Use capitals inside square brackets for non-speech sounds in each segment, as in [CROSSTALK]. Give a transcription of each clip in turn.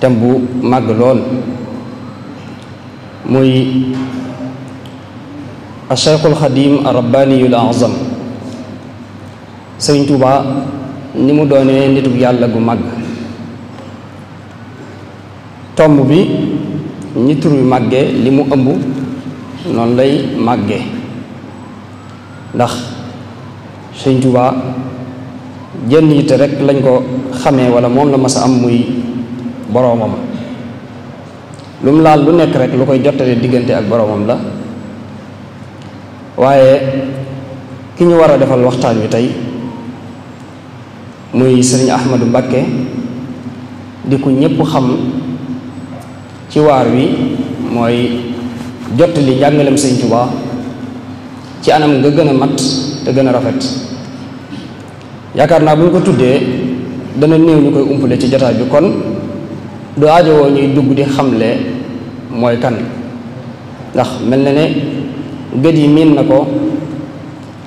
thème bu màgg lool muy ashaykhul xadim arabbaniyul azam sëriñ Tuuba ni mu doonee nitub yàlla gu màgg tomb bi ñi tur limu màggee li ëmb lay magge ndax seigne touba jenn yitte rek lañ ko xamé wala mom la mas am muy boromam lum laal lu nekk rek lu koy jotale digënté ak boromam la waaye ki ñu wara defal waxtaan wi tay muy sëriñ Ahmadou diku ñepp xam ci waar wi mooy jottali jàngalem sëñ Tuubaa ci anam nga gën a mat te gën a rafet yaakaar naa bu ñu ko tuddee dana néew ñu koy umpale ci jotaay bi kon du woo ñuy dugg di xamle mooy kan ndax mel na ne gët yi miin na ko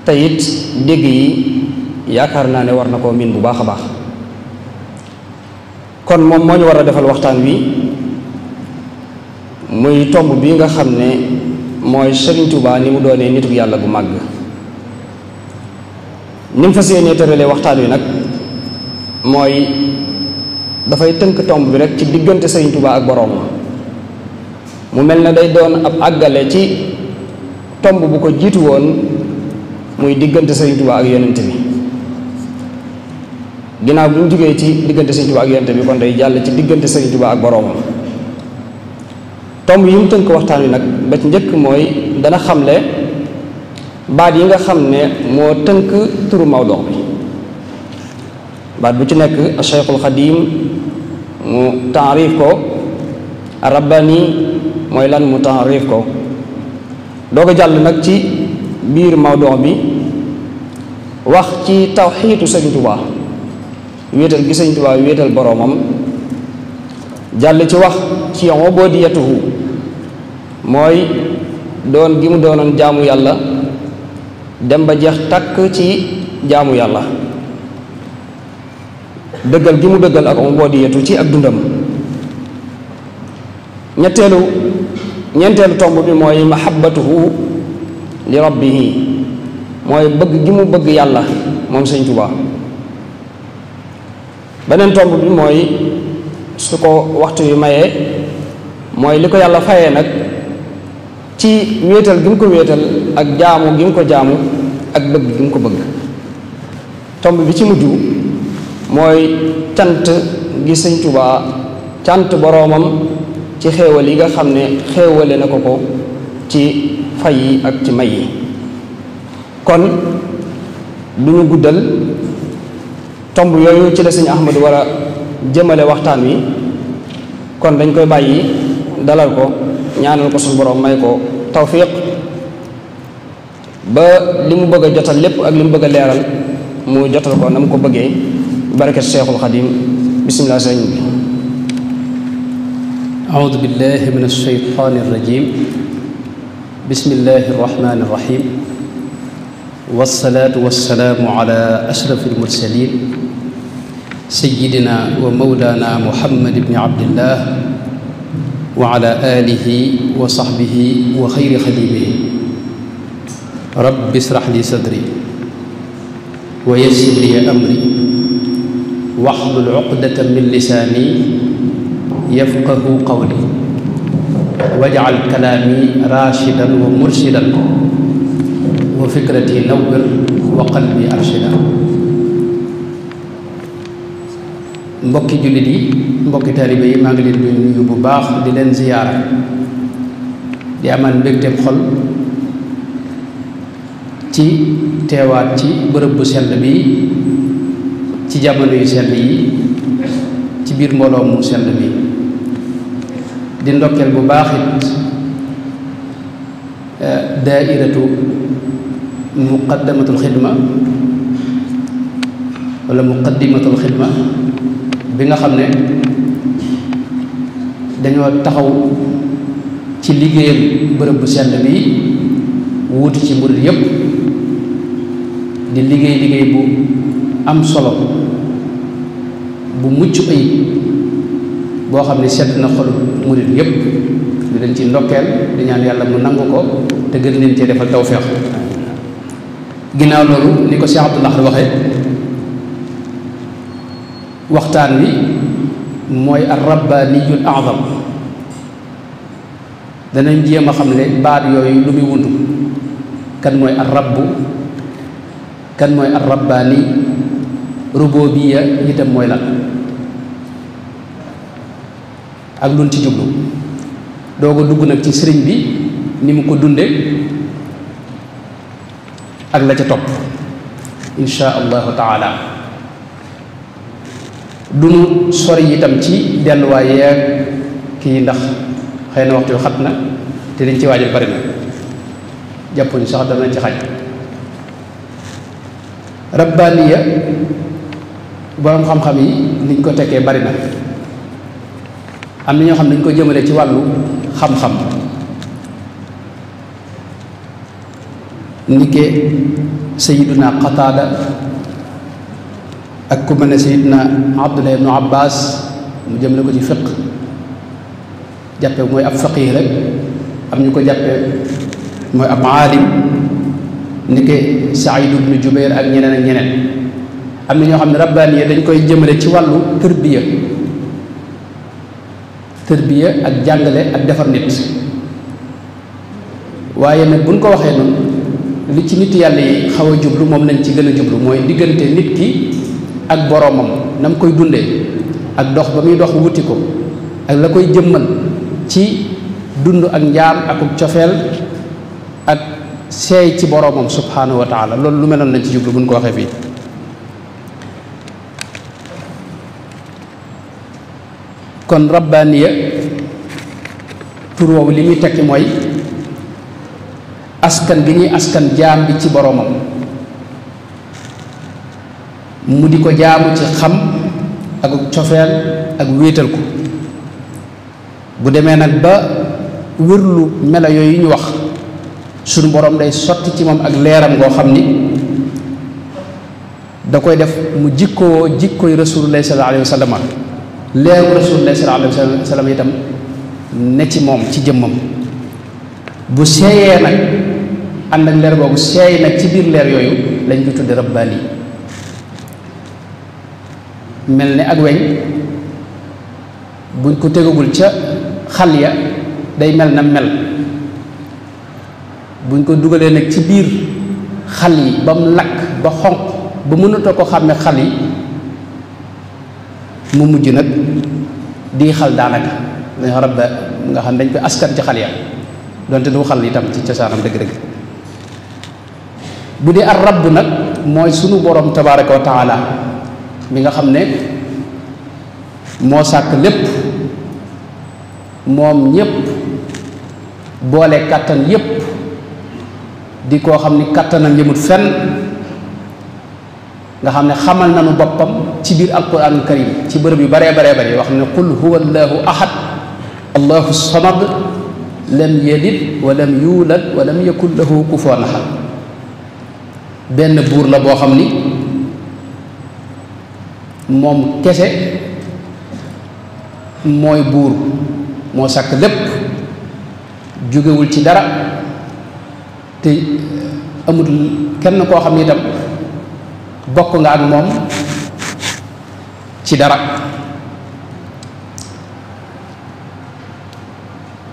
te it dégg yi yaakaar naa ne war na koo miin bu baax a baax kon moom moo ñu war a defal waxtaan wi muy tomb bi nga xam ne mooy Serigne Touba ni mu doonee nitu yàlla bu màgg ni fa fas yéenee tëralee waxtaan wi nag mooy dafay tënk tomb bi rek ci diggante Serigne Touba ak borom mu mel ne day doon ab àggale ci tomb bu ko jiitu woon muy diggante Serigne Touba ak yonent bi ginnaaw bi mu jógee ci diggante Serigne Touba ak yonent bi kon day jàll ci diggante Serigne ak boromam. tomb yi mu tënk waxtaan wi nag ba ci njëkk mooy dana xamle baat yi nga xam ne moo tënk turu Maodo bi baat bu ci nekk Cheikhul Xadim mu taarif ko rabbani mooy lan mu taarif ko doo jàll nag ci biir Maodo bi wax ci tawxiitu sëñ Tubaa wéetal gi sëñ Tubaa wéetal boroomam jàll ci wax ci ubudiyatuhu moy don gimu mu jamu jaamu yàlla dem ba jeex tak ci jaamu yàlla dëggal gi mu dëggal ak yetu ci ak dundam ñettelu ñentelu tomb bi moy mahabbatuhu li rabbihi moy bëgg gimu mu bëgg yalla mom sëñ touba benen tomb bi moy suko waxtu yu maye moy liko yalla fayé nak ci wéetal gi mu ko wéetal ak jaamu gi mu ko jaamu ak bëgg gi mu ko bëgg tomb bi ci mujj mooy cant gi sëñ Tuubaa cant boroomam ci xéewal yi nga xam ne xéewale na ko ko ci fay yi ak ci may yi kon du ñu guddal tomb yooyu ci la sëñ Ahmadu war a jëmale waxtaan wi kon dañ koy bàyyi dalal ko ñaanal ko sun borom may ko tawfiq ba limu bëgg jotal lépp ak limu bëgg leral leeral mu jotal ko nam ko bëgge barakat Cheikhul khadim bismillah sayyid bi أعوذ billahi minash shaytanir rajim بسم الله الرحمن الرحيم والصلاة والسلام على أشرف المرسلين سيدنا ومولانا محمد بن عبد الله وعلى آله وصحبه وخير خديمه رب اشرح لي صدري ويسر لي أمري واحلل عقدة من لساني يفقه قولي واجعل كلامي راشدا ومرشدا وفكرتي نور وقلبي أرشدا mbokki julit yi mbokki talibé yi ma ngi leen di nuyu bu baax di leen ziyaara di amal mbégteem xol ci téwaat ci bërepp bu sell bi ci jamono yu sell yi ci biir mbooloo mu sell bi di ndokkel bu baax it eh, daairatu muqaddamatul xidma wala muqaddimatul xidma bi nga xamne dañu taxaw ci liggéeyam bërëb bu sel bi wut ci murid yépp di liggéey liggéey bu am solo bu mucc ay bo xamne set na xol mourid yépp di leen ci ndokkeel di ñaan yalla mu nang ko te gën leen ci defal tawfiq ginaaw lolu niko Cheikh abdullah waxe waxtaan wi mooy ar rabbaniyul danañ jéem a xam ne baat yooyu lu muy wundu kan mooy ar kan mooy ar rabbani rububiya mooy lan ak luñ ci jublu doog a dugg nag ci sëriñ bi ni mu ko dunde ak la ca topp insha allahu taala du nu sori itam ci delluwaay yeeg kii ndax xëy na waxtu wi xat na te dañ ci waajal bari na jàppuñu sax dana ci xaj rabbaaniya boroom xam-xam yi niñ ko tegee bari na am na ñoo xam ne dañ ko jëmale ci wàllu xam-xam nike sayiduna qataada ak ku mel ne sayidna abdullah ibnu abbas mu jëmale ko ci fiq jàppe mooy ab faqih rek am ñu ko jàppe mooy ab aalim ni ke saïd ibnu ak ñeneen ak ñeneen am na ñoo xam ne rabbaaniya dañ koy jëmale ci wàllu tërbiya tërbiya ak jàngale ak defar nit waaye nag buñ ko waxee noonu li ci nit yàlla yi xaw a jublu moom lañ ci gën a jublu mooy diggante nit ki ak boroomam na mu koy dundee ak dox ba muy dox wuti ko ak la koy jëmmal ci dund ak njaam akub cofeel ak seey ci boroomam subhaanahu wa taala loolu lu mel noonu lañ ci jublu buñ ko waxee fii kon rabbaaniya tur woowu li muy tekki mooy askan gi ñuy askan jaam bi ci boroomam mu di ko jaamu ci xam ak cofeel ak wéetal ko bu demee nag ba wërlu melo yooyu ñu wax suñu borom day sotti ci moom ak leeram goo xam ni da koy def mu jikkoo jikkooy rasulullahi sallallahu alayhi wa sallam leeru rasulullahi sallallahu alayhi wa itam ne ci moom ci jëmmam bu seeyee nag ànd ak leer boobu seey nag ci biir leer yooyu lañ ko tudde rabbaani mel ni ak weñ buñ ko tegagul ca xal ya day mel na mel buñ ko dugalee nag ci biir xal yi ba mu lakk ba xonq ba mënatoo ko xàmme xal yi mu mujj nag di xal daanaka dañ rabba nga xam dañ koy askan ci xal ya donte du xal itam ci cosaanam dëgg-dëgg bu dee ar rabb nag mooy sunu borom tabaraka wa taala mi nga xamne mo sak lepp mom ñepp boole katan yep di ko xamni ni kàttanam yëmut fenn nga xamne xamal nañu bopam ci bir alquran karim ci bërëb yu bare bare bare wax na qul huwa ahad allahu samad lam yalid wa lam yulad wa lam yakul lahu kufuwan ahad ben bour la bo xamni moom kese mooy buur moo sàkk lépp jógewul ci dara te amul kenn koo xam ne itam bokk nga ak moom ci dara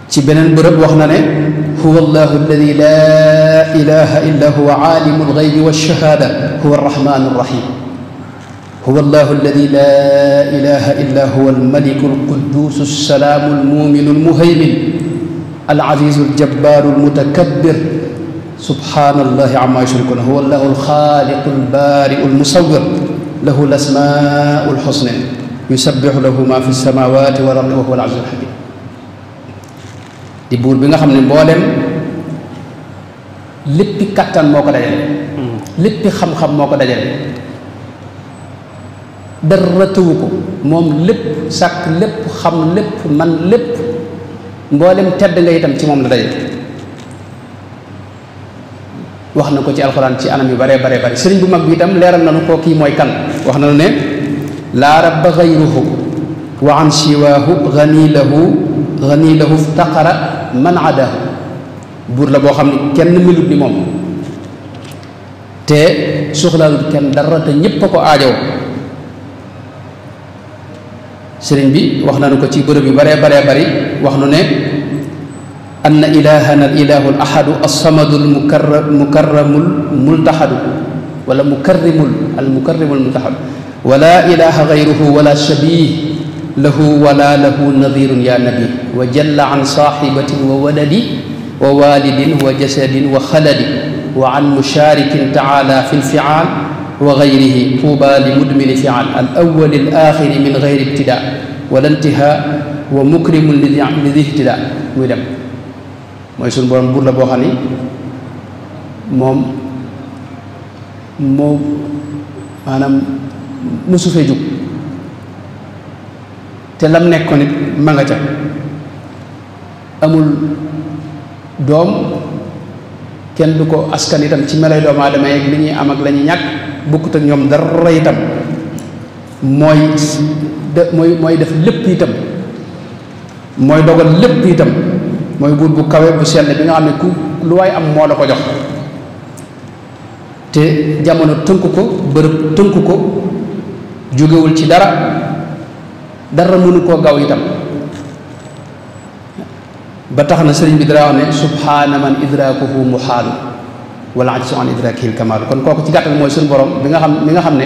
ci beneen bërëb wax na ne huwa allahu alladi la ilaha illa huwa aalimu alxaybi walshahada huwa arrahmanu arrahim هو الله الذي لا إله إلا هو الملك القدوس السلام المؤمن المهيمن العزيز الجبار المتكبر سبحان الله عما يشركون هو الله الخالق البارئ المصور له الأسماء الحسنى يسبح له ما في السماوات والأرض وهو العزيز الحكيم دي buur بيغا خامني مبولم ne كاتان موكو داجال moo خام خام موكو داجال dara tëwu ko moom lépp sàkk lépp xam lépp man lépp mboolem tedd nga itam ci moom la daje wax na ko ci alxuraan ci anam yu bare bare bare sëriñ bu mag bi itam leeral na nu koo kii mooy kan wax na nu ne laa rabba gayruhu wa an siwaahu gani lahu gani lahu ftaqara man adahu buur la boo xam ne kenn melut ni moom te soxlaalul kenn dara te ñépp a ko aajowoo سرين بي wax نكو تي ci bërëb باري باري baree bari أن إلهنا الإله الأحد الصمد المكرم الملتحد ولا مكرم المكرم الملتحد ولا إله غيره ولا شبيه له ولا له نظير يا نبي وجل عن صاحبة وولد ووالد وجسد وخلد وعن مشارك تعالى في الفعال وغيره طوبى لمدمن فعل الأول الآخر من غير ابتداء ولا انتهاء ومكرم لذي اهتداء muy dem mooy suñu borom buur la boo xam ni moom moo maanaam mosu amul dom kenn du ko askan itam ci melay doomu adamay ak li am ak ñak bokkut ak ñoom dara itam mooy de mooy mooy def lépp itam mooy dogal lépp itam mooy buur bu kawe bu sell bi nga xam ne ku lu waaye am moo la ko jox te jamono tënk ko bërëb tënk ko jógewul ci dara dara mënu koo gaw itam ba tax na sëriñ bi dara wax ne subhaana man idraakuhu muxaalu wala ajsu an idrakil kamal kon kooku ci gàttal mooy suñu borom bi nga xam mi nga xam ne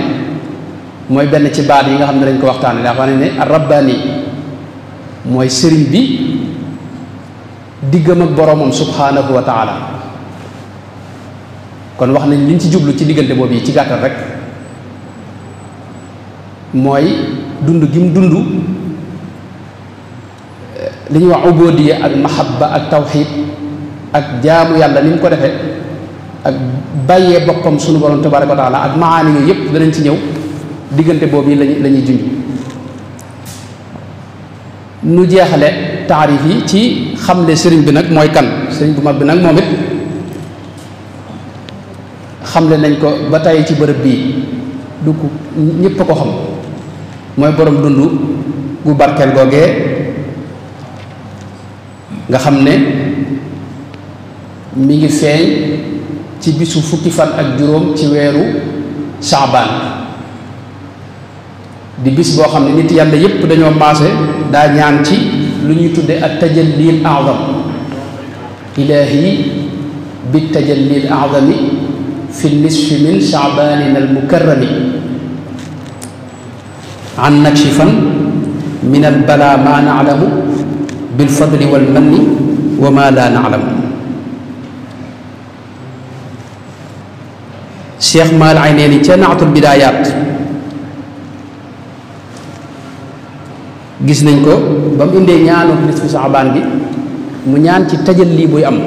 mooy benn ci baat yi nga xam ne dañ ko waxtaane daa ne rabbaani mooy sëriñ bi diggam ak boromam subhanahu wa taala kon wax nañ liñ ci jublu ci diggante boob yi ci gàttal rek mooy dund gi mu dund li ñuy wax ubodiya ak mahabba ak tawxiit ak jaamu yàlla ni mu ko defee ak bàyyee boppam sunu borom tabaraka wa taala ak maani yooyu yëpp danañ ci ñëw diggante boobu yi lañuy la ñuy nu jeexale taarif yi ci xamle sëriñ bi nag mooy kan sëriñ bu mag bi nag moom it xamle nañ ko ba tey ci bërëb bii du ko ñépp a ko xam mooy borom dund gu barkeel googee nga xam ne mi ngi feeñ ci bisu fukki fan ak juróom ci wéru shaban di bis bo xamni nit yàlla yépp dañoo passé da ñaan ci lu ñuy tudde ak tajallil azam ilaahi bi tajallil a'zam fi nisf min saabanin almukarrami an nakshifan min albala ma naalamu bilfadli walmanni wa ma la naalamu cheikh maal ay nee ni ca naatul bidaayaat gis nañ ko ba mu indee ñaanu nisfu saxabaan bi mu ñaan ci tajal lii buy am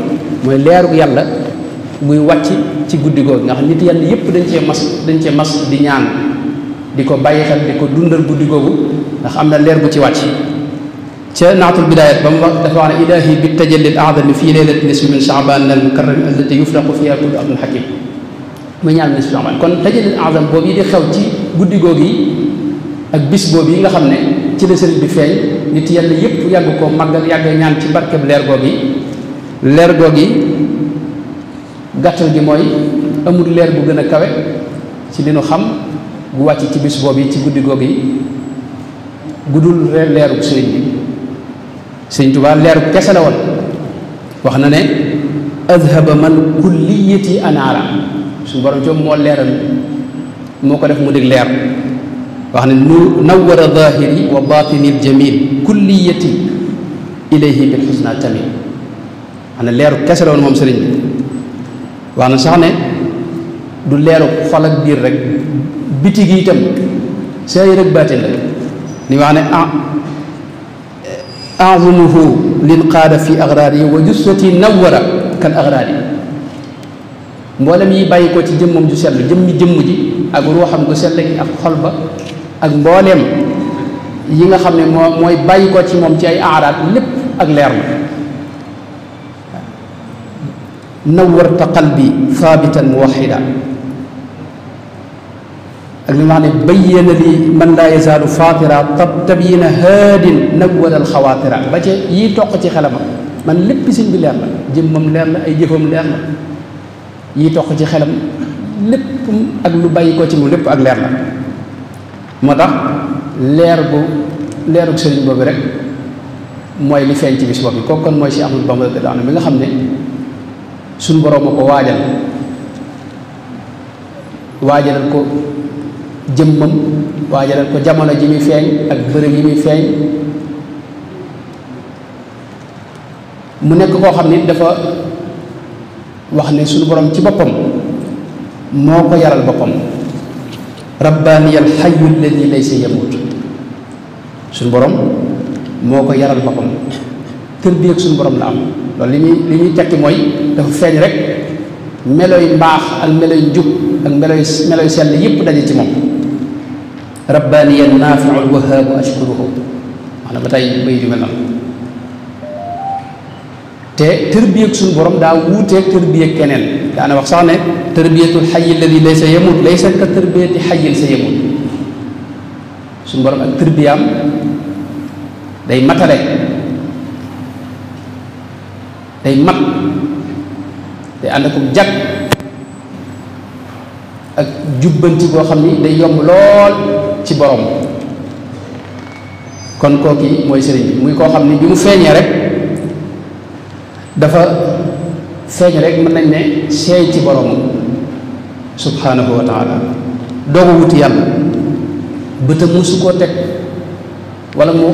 mooy leerug yàlla muy wàcc ci guddi googu ndax nit yàlla yépp dañ cee mas dañ cee mas di ñaan di ko bàyyi xel di ko dundal guddi googu ndax am na leer bu ci wàcc ca naatul bidaayat ba mu wax dafa wax ne ilaahi bi tajalli al aadami fii leylati nisfi min saxabaan al mukarrami allati yufraqu fiha kullu amrin hakim muy ñaar nisfu amal kon dajale azam boobu yi di xew ci guddi googu yi ak bis boobu yi nga xam ne ci la sëriñ bi feeñ nit yàlla yépp yàgg koo màggal yàgg ñaan ci barkeb leer googu yi leer googu yi gàttal gi mooy amul leer bu gën a kawe ci li nu xam bu wàcc ci bis boobu yi ci guddi googu yi gudul leeru sëriñ bi sëriñ Tuubaa leeru kese la woon wax na ne azhaba man kulliyati anaara suñu borom jom moo leeral moo ko def mu dig leer wax ne nu nawara zahiri wa batini jamil kulliyati ilayhi bil xusna tamil wax ne leeru kese la woon moom sëriñ bi wax na sax ne du leeru xol ak biir rek biti gi itam saayir ak baatin la ni wax ne ah أعظمه للقاد في أغراري وجثتي نور كالأغراري mboolem yi bàyyi ko ci jëmmam ju sell jëmmi jëmm ji ak ruuxam gu sell gi ak xol ba ak mbooleem yi nga xam ne moo mooy bàyyikoo ci moom ci ay aaraat lépp ak leer la nawwarta qalbi thaabitan muwaxida ak li nga xam ne bayyana li man laa yazaalu faatira tab tabyina haadin nawwal al xawaatira ba ca yii toq ci xelama man lépp sëñ bi leer la jëmmam leer la ay jëfam leer la yi toq ci xelam lépp ak lu bàyyi ko ci moom lépp ak leer la moo tax leer bu leerug sëriñ boobu rek mooy li feeñ ci bis boobu kooku kon mooy si Ahmadu Bamba bi nga xam ne suñu borom ko waajal waajalal ko jëmmam waajalal ko jamono ji muy feeñ ak bërëb yi muy feeñ mu nekk koo xam ne dafa wax ne sunu borom ci boppam moo ko yaral boppam rabbaani al xayu alladi laysa yamut sunu borom moo ko yaral boppam tërbi ak sunu borom la am loolu li ñuy li ñuy tekki mooy dafa feeñ rek meloy mbaax ak meloy njub ak meloy meloy sell yépp daje ci moom rabbaani an naafiu al wahaabu ashkuruhu wax na ba tey bay ju mel noonu te tërbiyeeg suñu borom daa wuuteeg tërbiyeeg keneen daana wax sax ne tërbiyetul xayil alladi laysa yamut laysa ka tërbiyeti xayil sa yamut suñu borom ak tërbiyaam day matale day mat day ànd ak jag ak jubbanti boo xam ni day yomb lool ci borom kon kooki mooy sëriñ bi muy koo xam ni bi mu feeñee rek dafa feeñ rek mën nañ ne seey ci boroomam subhanahu wa taala dooga wuti yàlla bëtam musu koo teg wala mu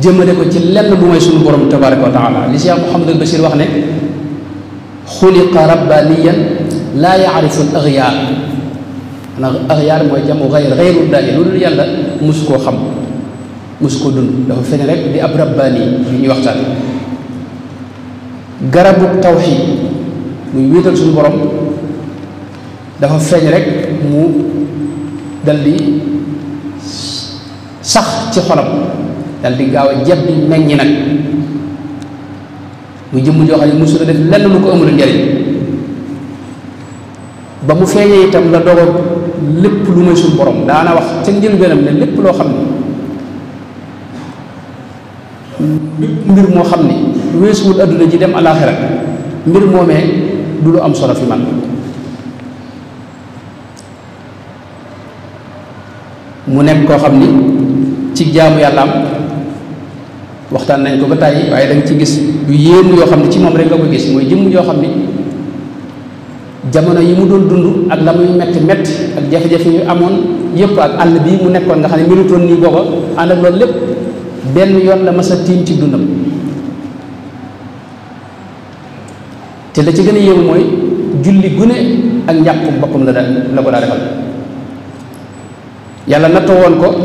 jëmale ko ci lenn bu may suñu borom tabaraka wa taala li Cheikh Mouhamadul Bachir wax ne xuliqa rabbaniyan laa yaarifu l axyaar ndax axyaar mooy jamu xayr xayru daali musu koo xam musu koo dund dafa feeñ rek di ab rabbaani yi ñuy waxtaan garabu tawxiid muy wéetal suñu borom dafa feeñ rek mu daldi sax ci xolam daldi gaaw a jeb bi meññi nag muy jëmm joo xam ne mosul def lenn lu ko amul njariñ ba mu feeñee itam la dogal lépp lu may suñu borom daana wax ca njëlbeenam ne lépp loo xam ne mbir mo xamni wessul aduna ji dem alakhirah mbir momé du lu am solo fi man mu nek ko xamni ci jaamu am waxtan nañ ko ba tay waye danga ci gis yu yeen yo xamni ci mom rek nga ko gis moy jëm yo xamni jamono yi mu doon dund ak lamuy metti metti ak jafé jafé yu amone yépp ak àll bi mu nekkon nga xamni ne melutoon nii booba ak lool lepp benn yoon la masa a tiim ci dundam te la ci gën a yéemu mooy julli gune ak njàpp boppam la daan la ko daa defal yàlla nattoo woon ko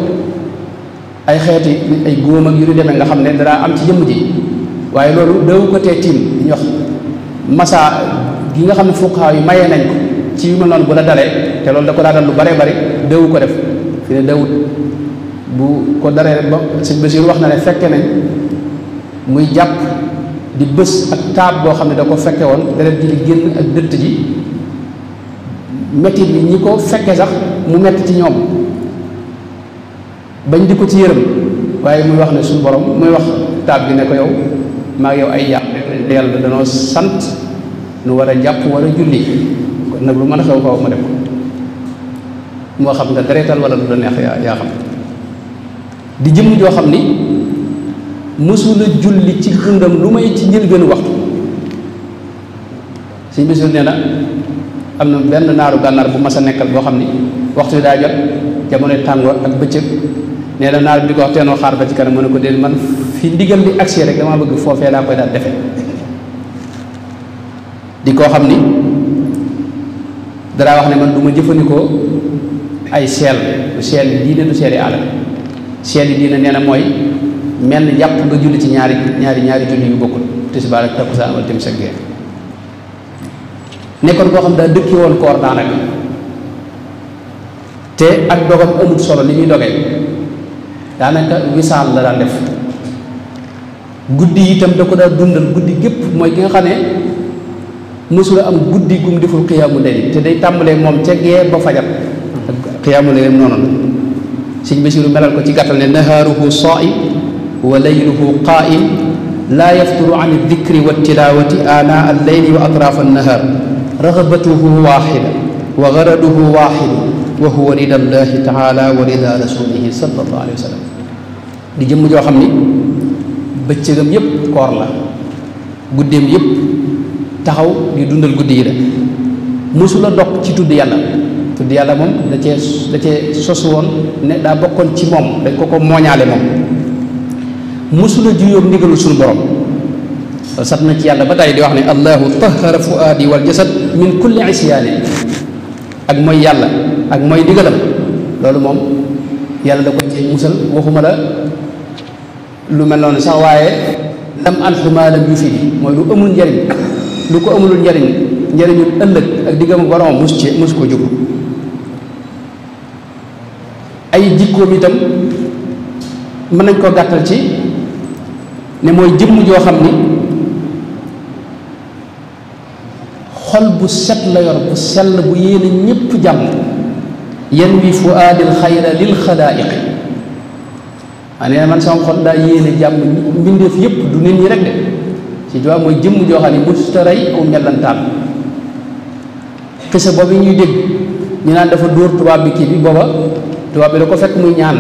ay xeeti ay góom ak yu ñu demee nga xam ne danaa am ci jëmm ji waaye loolu dawu ko tee tiim ñu wax masa gi nga xam ne fuqaa yu mayee nañ ko ci yu ma noonu bu la dalee te loolu da ko daa dal lu bare bari dawu ko def fi ne dawut bu ko daree rek ba sëñ Basiir wax na ne fekke nañ muy jàpp di bés ak taab boo xam ne da ko fekke woon deret ji di génn ak dëtt ji mettit bi ñi ko fekke sax mu metti ci ñoom bañ di ko ci yërëm waaye muy wax ne suñu borom muy wax taab bi ne ko yow maa ngi yow ay yàq yàlla danoo sant nu war a jàpp war a julli kon nag lu mën a xew xaw ma def moo xam nga deretal wala lu la neex yaa yaa xam di jëmm joo xam ni mësula julli ci dundam lu may ci njël gënu waxtu suñ bisul nee na am na benn naaru gànnaar bu mas a nekkal boo xam ni waxtu bi daa jot jamonoy tàngoor ak bëccëg nee na naar bi di ko wax xaar ba ci kanam mu ne ko déedéet man fi ndigal li agsi rek damaa bëgg foofee laa koy daal defe di koo xam ni daraa wax ne man du ma jëfandikoo ay seel du seel diine du seeli àll seede diine nee na mooy mel jàpp nga julli ci ñaari ñaari ñaari julli yu bokkul tisbaar ak takkusaan wala timis ak gee nekkoon koo xam daa dëkki woon koor daanaka te ak dogam amut solo li muy dogee daanaka wisaal la daan def guddi yi itam da ko daa dundal guddi gépp mooy ki nga xam ne mësula am guddi gum deful xiyaamu layl te day tàmbalee moom ca gee ba fajar xiyaamu layl noonu la سيدي بشير ملال كو تي نهاره صائم وليله قائم لا يفطر عن الذكر والتلاوه آناء الليل واطراف النهار رغبته واحده وغرضه واحد وهو رضا الله تعالى ورضا رسوله صلى الله عليه وسلم دي جيم جو خامني بيتيغام ييب كور لا غوديم ييب تاخاو دي دوندال غودي دا موسولا دوك تي تود يالا tudd yàlla moom da cee da cee sosu woon ne daa bokkoon ci moom dañ ko ko mooñaale moom mosula juyoog ndigalul suñu borom sat na ci yàlla ba tey di wax ne allahu tahara fuaadi wal jasad min kulli isyaani ak mooy yàlla ak mooy ndigalam loolu moom yàlla da ko ci musal waxuma la lu mel noonu sax waaye lam alfu maa lam yu fi mooy lu amul njariñ lu ko amulul njariñ njariñul ëllëg ak diggam borom mus ci mus ko jóg jikkoom itam mën nañ koo gàttal ci ne mooy jëmm joo xam ne xol bu set la yor bu sell bu yéene ñépp jàmm yan wi fuaadil xayra lil xalaaiqi maa ah, nee man sama xol daa yéene jàmm mbindeef yépp du nit ñi rek de ci doa mooy jëmm joo xam ne musta rey aw mellantaan xisa boobu ñuy dégg ñu naan dafa dóor tubaab bi kii bi booba tubaab bi da ko fekk muy ñaan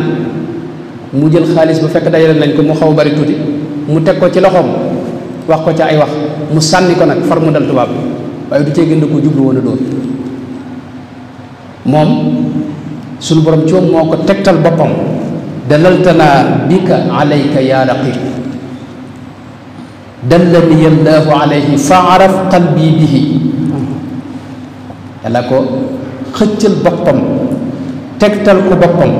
mu jël xaalis bu fekk dajale nañ ko mu xaw bari tuuti mu teg ko ci loxoom wax ko ci ay wax mu sànni ko nag far mu dal tubaab bi waaye du cee gën a ko jublu woon a dóor moom sunu boroom ci moom moo ko tegtal boppam dalaltanaa bika alayka yaa raqib dallani allahu alayhi fa araf qalbi bihi yàlla ko xëccal boppam tegtal ko boppam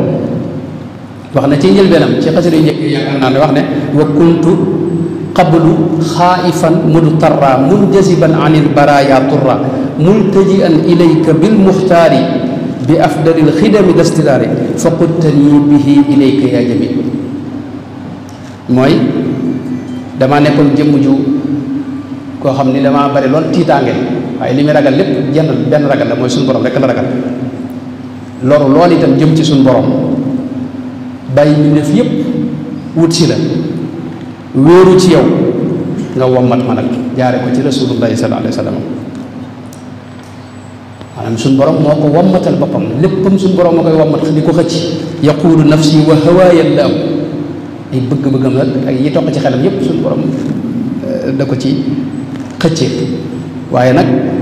wax na ci njëlbeenam ci xasida yu njëkk yaakaar naa ne wax ne wa kuntu qablu xaaifan mudtarra munjasiban anil baraya turra multajian ilayka bilmuxtaari bi afdalil xidami dastidaari fa quttani bihi ilayka dama nekkoon jëmm ju koo xam ni dama bari lool tiitaange waaye li muy ragal lépp jenn benn ragal la mooy suñu borom rek la ragal loru lool itam jëm ci suñ borom bàyyi mbindéef yépp wut si la wéeru ci yow nga wommat ma nag jaare ko ci rasulullahi sallallahu alayhi wa sallam maanaam suñ borom moo ko wommatal boppam léppam suñ borom moo koy wommat di ko xëcc yaqulu nafsi wa hawaaya la am ay bëgg-bëggam nag ak yi toq ci xelam yépp suñ borom euh, da ko ci xëccee waaye nag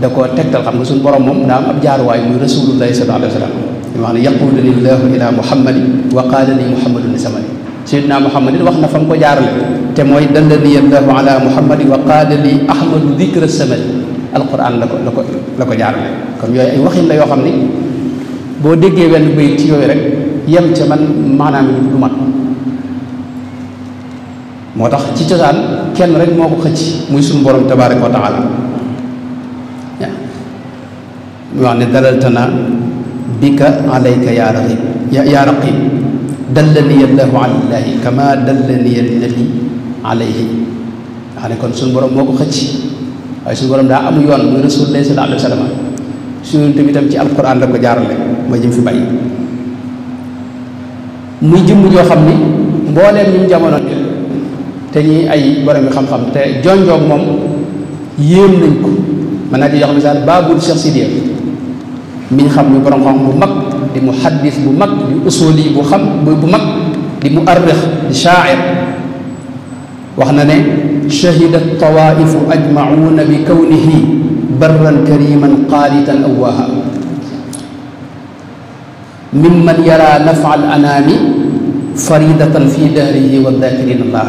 da koo tegtal xam nga suñu borom moom daa am ab jaaruwaay muy rasulullahi sallallahu alayhi wa sallam ñu wax ne yaqulu ni llahu ila muhammadin wa qaala li muhammadun ni samani sayyidina muhammadin wax na fa mu ko jaarale te mooy dallani allahu ala muhammadin wa qaala li ahmadu dikra samani alquran la ko la ko la ko jaarale kon yooyu ay waxin la yoo xam ni boo déggee wenn bay ci yooyu rek yem ca man maanaam ñu du mat moo tax ci cosaan kenn rek moo ko xëcc muy suñu borom tabaraka wa taala mu wax ne dalaltana bika alayka yaa raqib yaa raqib dallani allahu ala illahi kama dallani alladi alayhi wax ne kon suñu borom moo ko xëcc waaye suñu borom daa am yoon muy rasulullah sallallahu alayhi wa sallam suñu tamit itam ci alquran la ko jaarale mooy jëm fi bàyyi muy jëmm joo xam ni mbooleem ñu jamono te ñuy ay borom yi xam-xam te jonjoog moom yéem nañ ko mën naa ci jox misaal baabul Cheikh Sidiya من خم ñu borom xam bu mag di mu hadith bu mag di usuli bu شهد الطوائف اجمعون بكونه برا كريما قالتا اواها ممن يرى نفع الانام فريده في دهره والذاكرين الله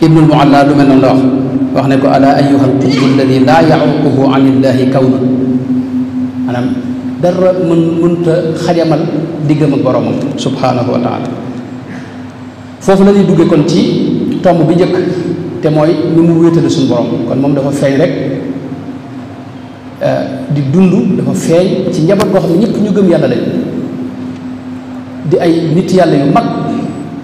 ibnu mualla lu mel non la wax wax ne ko ala ayuha alqutbu ladhi la yaququhu an illahi kawn anam dar mun munta xajamal digam ak borom subhanahu wa taala fofu la ñuy dugge kon ci tomb bi jëk té moy ni mu wéetale sun borom kon mom dafa fay rek eh, di dundu dafa fay ci njaboot goo xam ne ñu gëm yalla lañ di ay nit yalla yu mag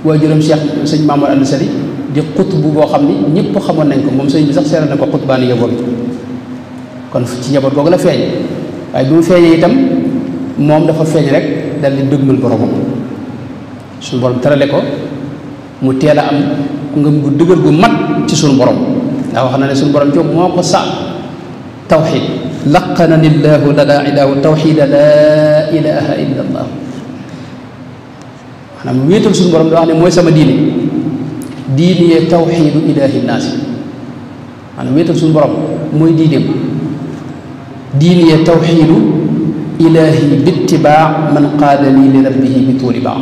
waajuram cheikh seigne Mamour Alisali di khutbu bo xamni ñepp xamone nañ ko mom sëñ bi sax seeral na ko xutbaani yoboon kon ci njaboot gogu la feñ waaye bu mu itam mom dafa feñ rek dal di deggul borom suñu borom terale ko mu téla am ku ngëm gu deggal gu mat ci sun borom da wax na ne sun borom jox moko ko sa tawxid laqanani llahu lana ilaahu tawhid la ilaha illa allah maanaam wéetal sun borom da wax ne moy sama diine diine tawxiidu ilaahi naasi maanaam wéetal suñu borom mooy diineem diine tawxiidu ilaahi bittibaa man qaada lii li rabbihi bi tuuli baa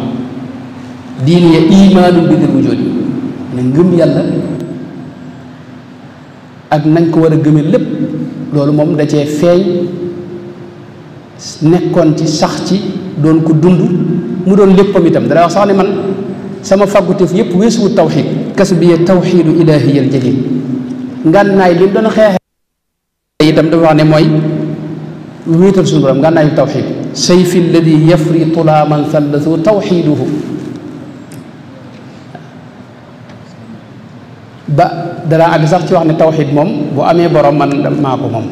diine imaanu bidil wujoodi na ngëm yàlla ak nañ ko war a gëme lépp loolu moom da cee feeñ nekkoon ci sax ci doon ko dund mu doon léppam itam dana wax sax ne man sama fàgguteef yépp weesuwu tawxid kas bi tawxidu ilahiya al jalil ngànnaay li mu doon xeexe itam dafa wax ne mooy wéetal suñu borom ngànnaayu tawxid sayfi alladi yafri tulaaman sallathu tawxiduhu ba dara àgg sax ci wax ne tawxid moom bu amee borom man maa ko moom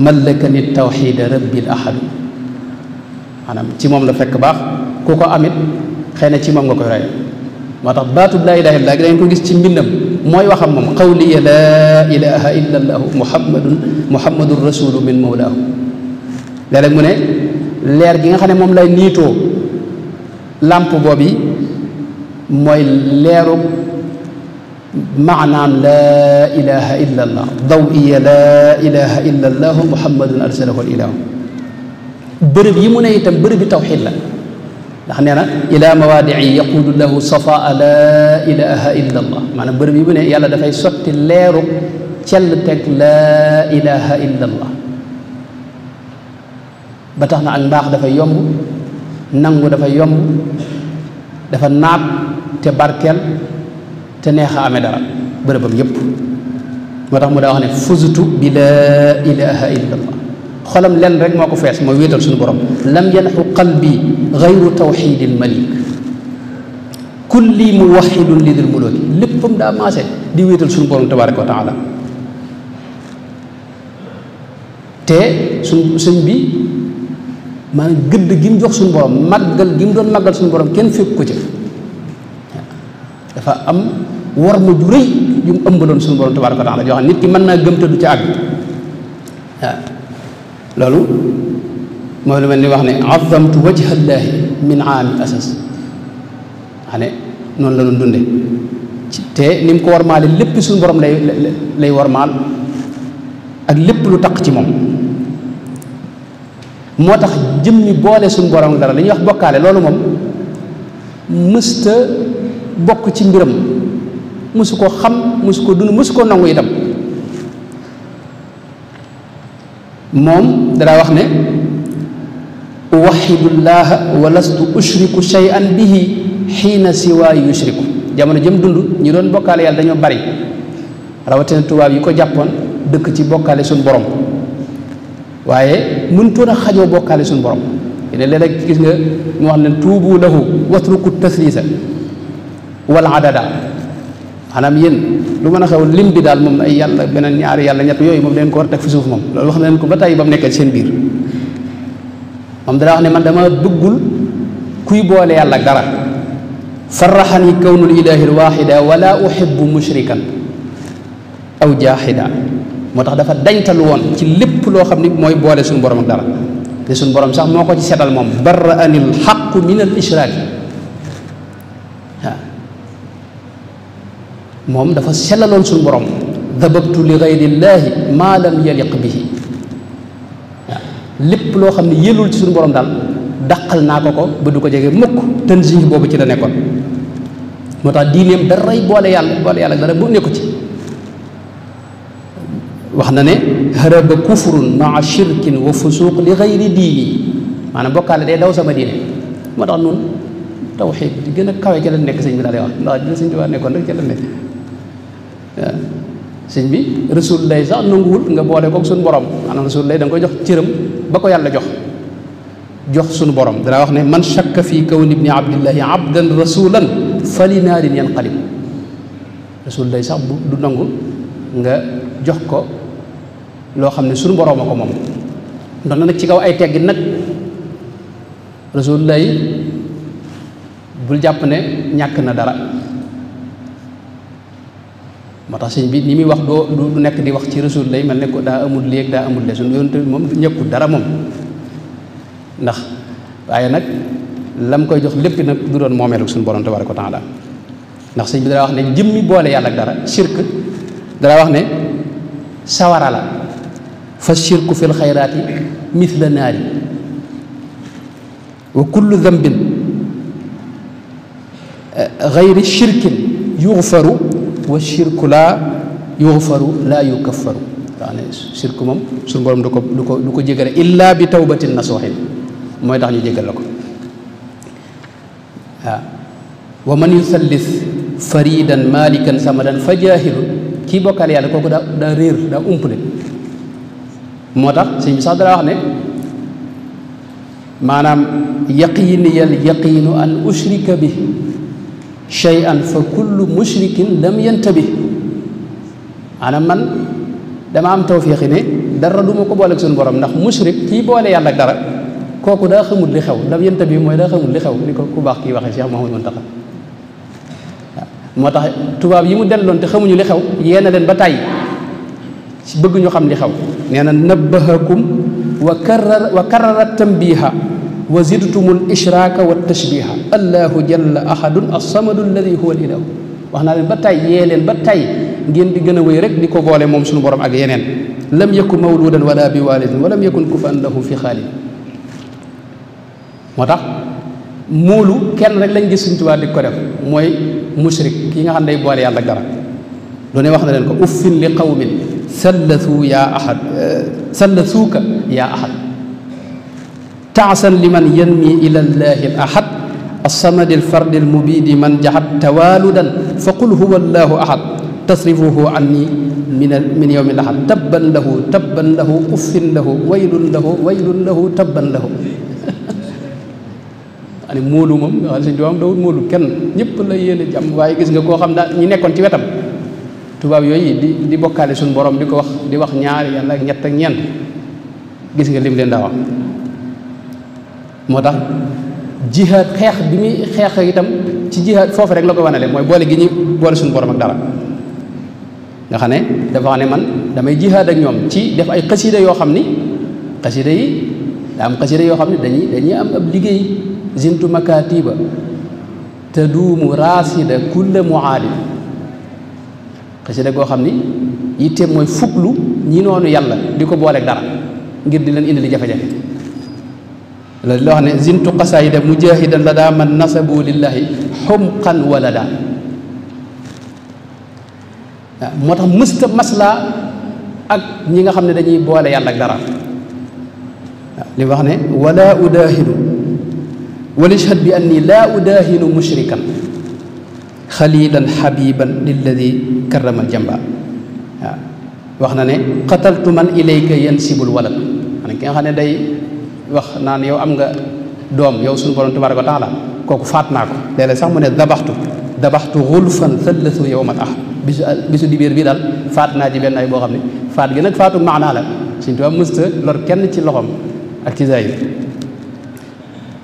mallakani tawxida rabbil ahad maanaam ci moom la fekk baax ku ko amit xëy na ci moom nga koy roy moo tax baatub laa ilaha illa gi dañ ko gis ci mbindam mooy waxam moom qawliya laa ilaha illa allahu muhammadun muhammadun rasulu min mawlaahu mu ne leer gi nga xam ne moom lay niitoo làmp boobu mooy leeru maanaam laa ilaha illa allah dawiya laa ilaha illa allahu yi mu ne itam bërëb bi tawxid la لخني انا الى موادعي يقول له صفاء لا اله الا الله معنى برم يبن يلا دا فاي سوت ليرو تيلتك لا اله الا الله باتخنا ان باخ دا فاي يوم نانغو دا فاي يوم دا فا ناب تي باركل تي نيه خا امي دار برم يب موتاخ مودا واخني فزتو بلا اله الا الله xolam lenn rek moo ko fees mooy wéetal suñu borom lam yalxu qalbi gayru tawxidil malik kulli muwaxidun lidil mulooki léppam daa maase di wéetal suñu borom tabaraka wa taala te suñ sëñ bi maanaam gëdd gi mu jox suñu borom màggal gi mu doon màggal suñu borom kenn fekk ko ci dafa am war ma ju rëy yu mu ëmbaloon suñu borom tabaraka wa taala joo xam nit ki mën naa gëm te du ca àgg waaw loolu mooy lu mel ni wax ne azamtu wajhallahi min aami asas xam ne noonu la doon dunde te ni mu ko warmaale lépp suñ borom lay lay warmaal ak lépp lu taq ci moom moo tax jëmmi boole suñu borom dara li wax bokkaale loolu moom mësta bokk ci mbiram mësu ko xam mësu ko dund mësu ko nangu itam moom danaa wax ne uwaxidullaha wa lastu ushriku shay'an bihi xiina siwaay yushriku jamono jëm dund ñi doon bokkaale yàlla dañoo bari rawatina tubaab yi ko jàppoon dëkk ci bokkaale suñu borom waaye mënutoon a xajoo bokkaale suñu borom ne léeg-léeg gis nga mu wax ne tuubu lahu watruku taslisa wal adada maanaam yéen lu mën xew lim bi dal mom ay yàlla benen ñaar yàlla ñet yoy mom den ko war tek fi suuf mom loolu wax nañ ko ba tey ba mu nekkee seen biir mom dara wax ne man dama duggul kuy boole yàlla dara farahani kawnu ilahi alwahida wala uhibbu mushrikan aw jahida motax dafa dañtal won ci lépp lo xamni moy boole suñu borom dara te suñu borom sax moko ci setal mom barra ani alxaqu min alishrak moom dafa sellaloon suñu borom dababtu li gayrillaahi maa lam yaliq bihi waaw lépp loo xam ne yëlul ci suñu borom daal daqal naa ko ko ba du ko jege mukk tanzih boobu ci la nekkoon moo tax diineem daray boole yàlla boole yàlla dara bu nekku ci wax na ne haraba kufrun maa shirkin wa fusuq li gayri diini maanaam bokkaale day daw sama diine moo tax noonu tawxiid di gën a kawe ci la nekk sëñ bi daal di wax ndax dina sëñ bi nekkoon rek ci la nekk waaw sëñ bi rasul lay sax nanguwul nga boole kook suñu borom maanaam rasul lay da nga koy jox cëram ba ko yàlla jox jox sunu borom danaa wax ne man shakka fi kawni ibni abdillahi abdan rasulan fali naarin yanqalib rasul lay sax bu du nangu nga jox ko loo xam ne suñu borom a ko moom doon na nag ci kaw ay teggin nag rasul lay bul jàpp ne ñàkk na dara moo tax sëñ bi ni mi wax do du nek di wax ci rasul lay man nek da daa amul léeg da amul le yonent mom moom ñëkku dara mom ndax waye nak lam koy jox lépp nak du doon momelu sun borom tabaraku taala ndax sëñ bi dara wax ne jëmmi boole yàlla ak dara shirk dara wax ne sawara la fa shirku fil xayraati mithla naari wa kullu dhanbin gayri shirkin yuxfaru والشرك لا يغفر لا يكفر يعني الشرك موم سون بوروم دوكو دوكو دوكو جيغال الا بتوبه النصوح موي تاخ ني جيغال ها ومن يثلث فريدا مالكا سمدا فجاهل كي بوكال يالا كوكو دا دا رير دا اومبل موتاخ سيني صاد دا يقين يل يقين ان اشرك به شيئا فكل مشرك لم ينتبه انا من دا ما ام توفيق ني دار دو مكو بولك سون بروم ناخ مشرك كي بولي يالك دار كوكو دا خمول لي خاو لم ينتبه موي دا خمول لي خاو نيكو كو باخ كي واخ شيخ محمود منتقى motax tubab yi mu delon te xamuñu li xew yena len ba tay ci bëgg ñu xam li xew neena nabahakum wa karrar wa karrar at-tanbiha وزدتم الإشراك والتشبيه الله جل أحد الصمد الذي هو الإله وحنا باتاي يلين باتاي نين دي غنا وي رك ديكو بولي موم سونو بوروم اك يينين لم يكن مولودا ولا بوالد ولم يكن كفا له في خالد موتا مولو كين رك لا نجي سونو توبا ديكو ديف موي مشرك كيغا خاندي بولي يالا غرا دوني واخنا لين كو اوفين لقوم ثلثوا يا احد ثلثوك يا احد taasan liman yanmi ila llahi al ahad alsamadi man jaxat tawaludan fa qul huwa allahu ahad tasrifuhu anni min min yowmi al lahu tabban lahu uffin lahu waylun lahu waylun lahu tabban lahu moom kenn ñëpp la yéene jàmm gis nga koo xam daal ñi nekkoon ci wetam tubaab yooyu di di bokkaale suñu borom di ko wax di wax ñaari yàlla ak ñett ak gis nga lim daa wax moo tax jihaad xeex bi muy xeex itam ci jihaad foofu rek la ko wanale mooy boole gi ñu boole suñu borom ak dara nga xam ne dafa xam ne man damay jihaad ak ñoom ci def ay xasida yoo xam ni xasida yi am xasida yoo xam ne dañuy dañuy am ab liggéey zintu makatiba te duumu raasida kulla muaadib xasida goo xam ni yitteem mooy fuklu ñi noonu yàlla di ko booleeg dara ngir di leen indi li jafe-jafe الله أن زنت قصيدة مجاهدا لدى من نصب لله حمقا ولدا موتا مست مسلا اك نيغا خامني دانيي بولا يالا دارا ولا اداهن ولشهد باني لا اداهن مشركا خليلا حبيبا للذي كرم الجنب واخنا ني قتلت من اليك ينسب الولد انا كي خاني wax naan yow am nga doom yow suñu borom tabaraka wa taala kooku faat naa ko léeg sax mu ne dabaxtu dabaxtu xulfan thalathu yawma ah bisu bisu dibéer bii daal faat naa ci benn ay boo xam ne faat gi nag faatu maanaa la suñ tubaab mësta lor kenn ci loxoom ak ci zahir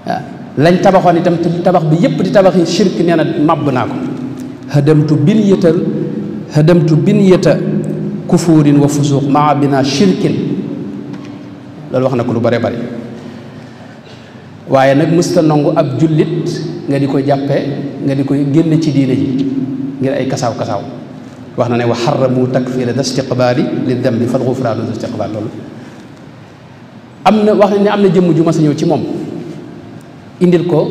waaw lañ tabaxoon itam tabax bi yépp di tabaxi yi nee na màbb naa ko hadamtu bin yëtal hadamtu bin yëta kufurin wa fusuuq maa bina shirkin loolu wax na ko lu bare bare waaye nag mësta nangu ab jullit nga di ko jàppe nga di ko génn ci diine ji ngir ay kasaw kasaw wax na ne wa xaramu takfira da istiqbaali li dambi fal gufraanu da istiqbaal loolu am na wax na ne am na jëmm ju ma sa ñëw ci moom indil ko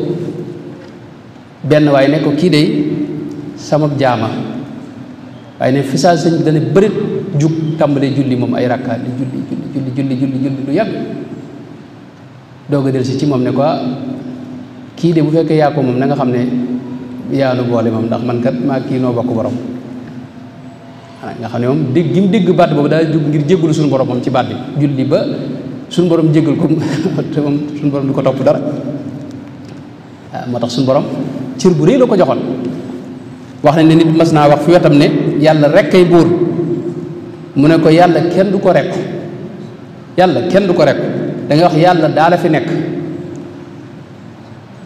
benn waaye ne ko kii de sama jaama waaye ne fi sëñ bi dana bërit jug tàmbalee julli moom ay rakkaat di julli julli julli julli julli julli lu doog a si ci moom ne ko ah, kii de bu fekkee yaa moom na nga xam ne yaa boole moom ndax man kat maa kii noo bokk borom nga xam ne moom dégg gi mu dégg baat boobu daal jóg ngir jéggalu suñu borom moom ci baat bi julli ba suñu borom jéggal ko [LAUGHS] te moom suñu borom du ko topp dara waaw ah, moo tax suñu boroom cër bu rëy la ko joxoon wax nañ ne nit mas naa wax fi wetam ne yàlla rek kay buur mu ne ko yàlla kenn du ko rekk yàlla kenn du ko rekk dangay wax yàlla daal la fi nekk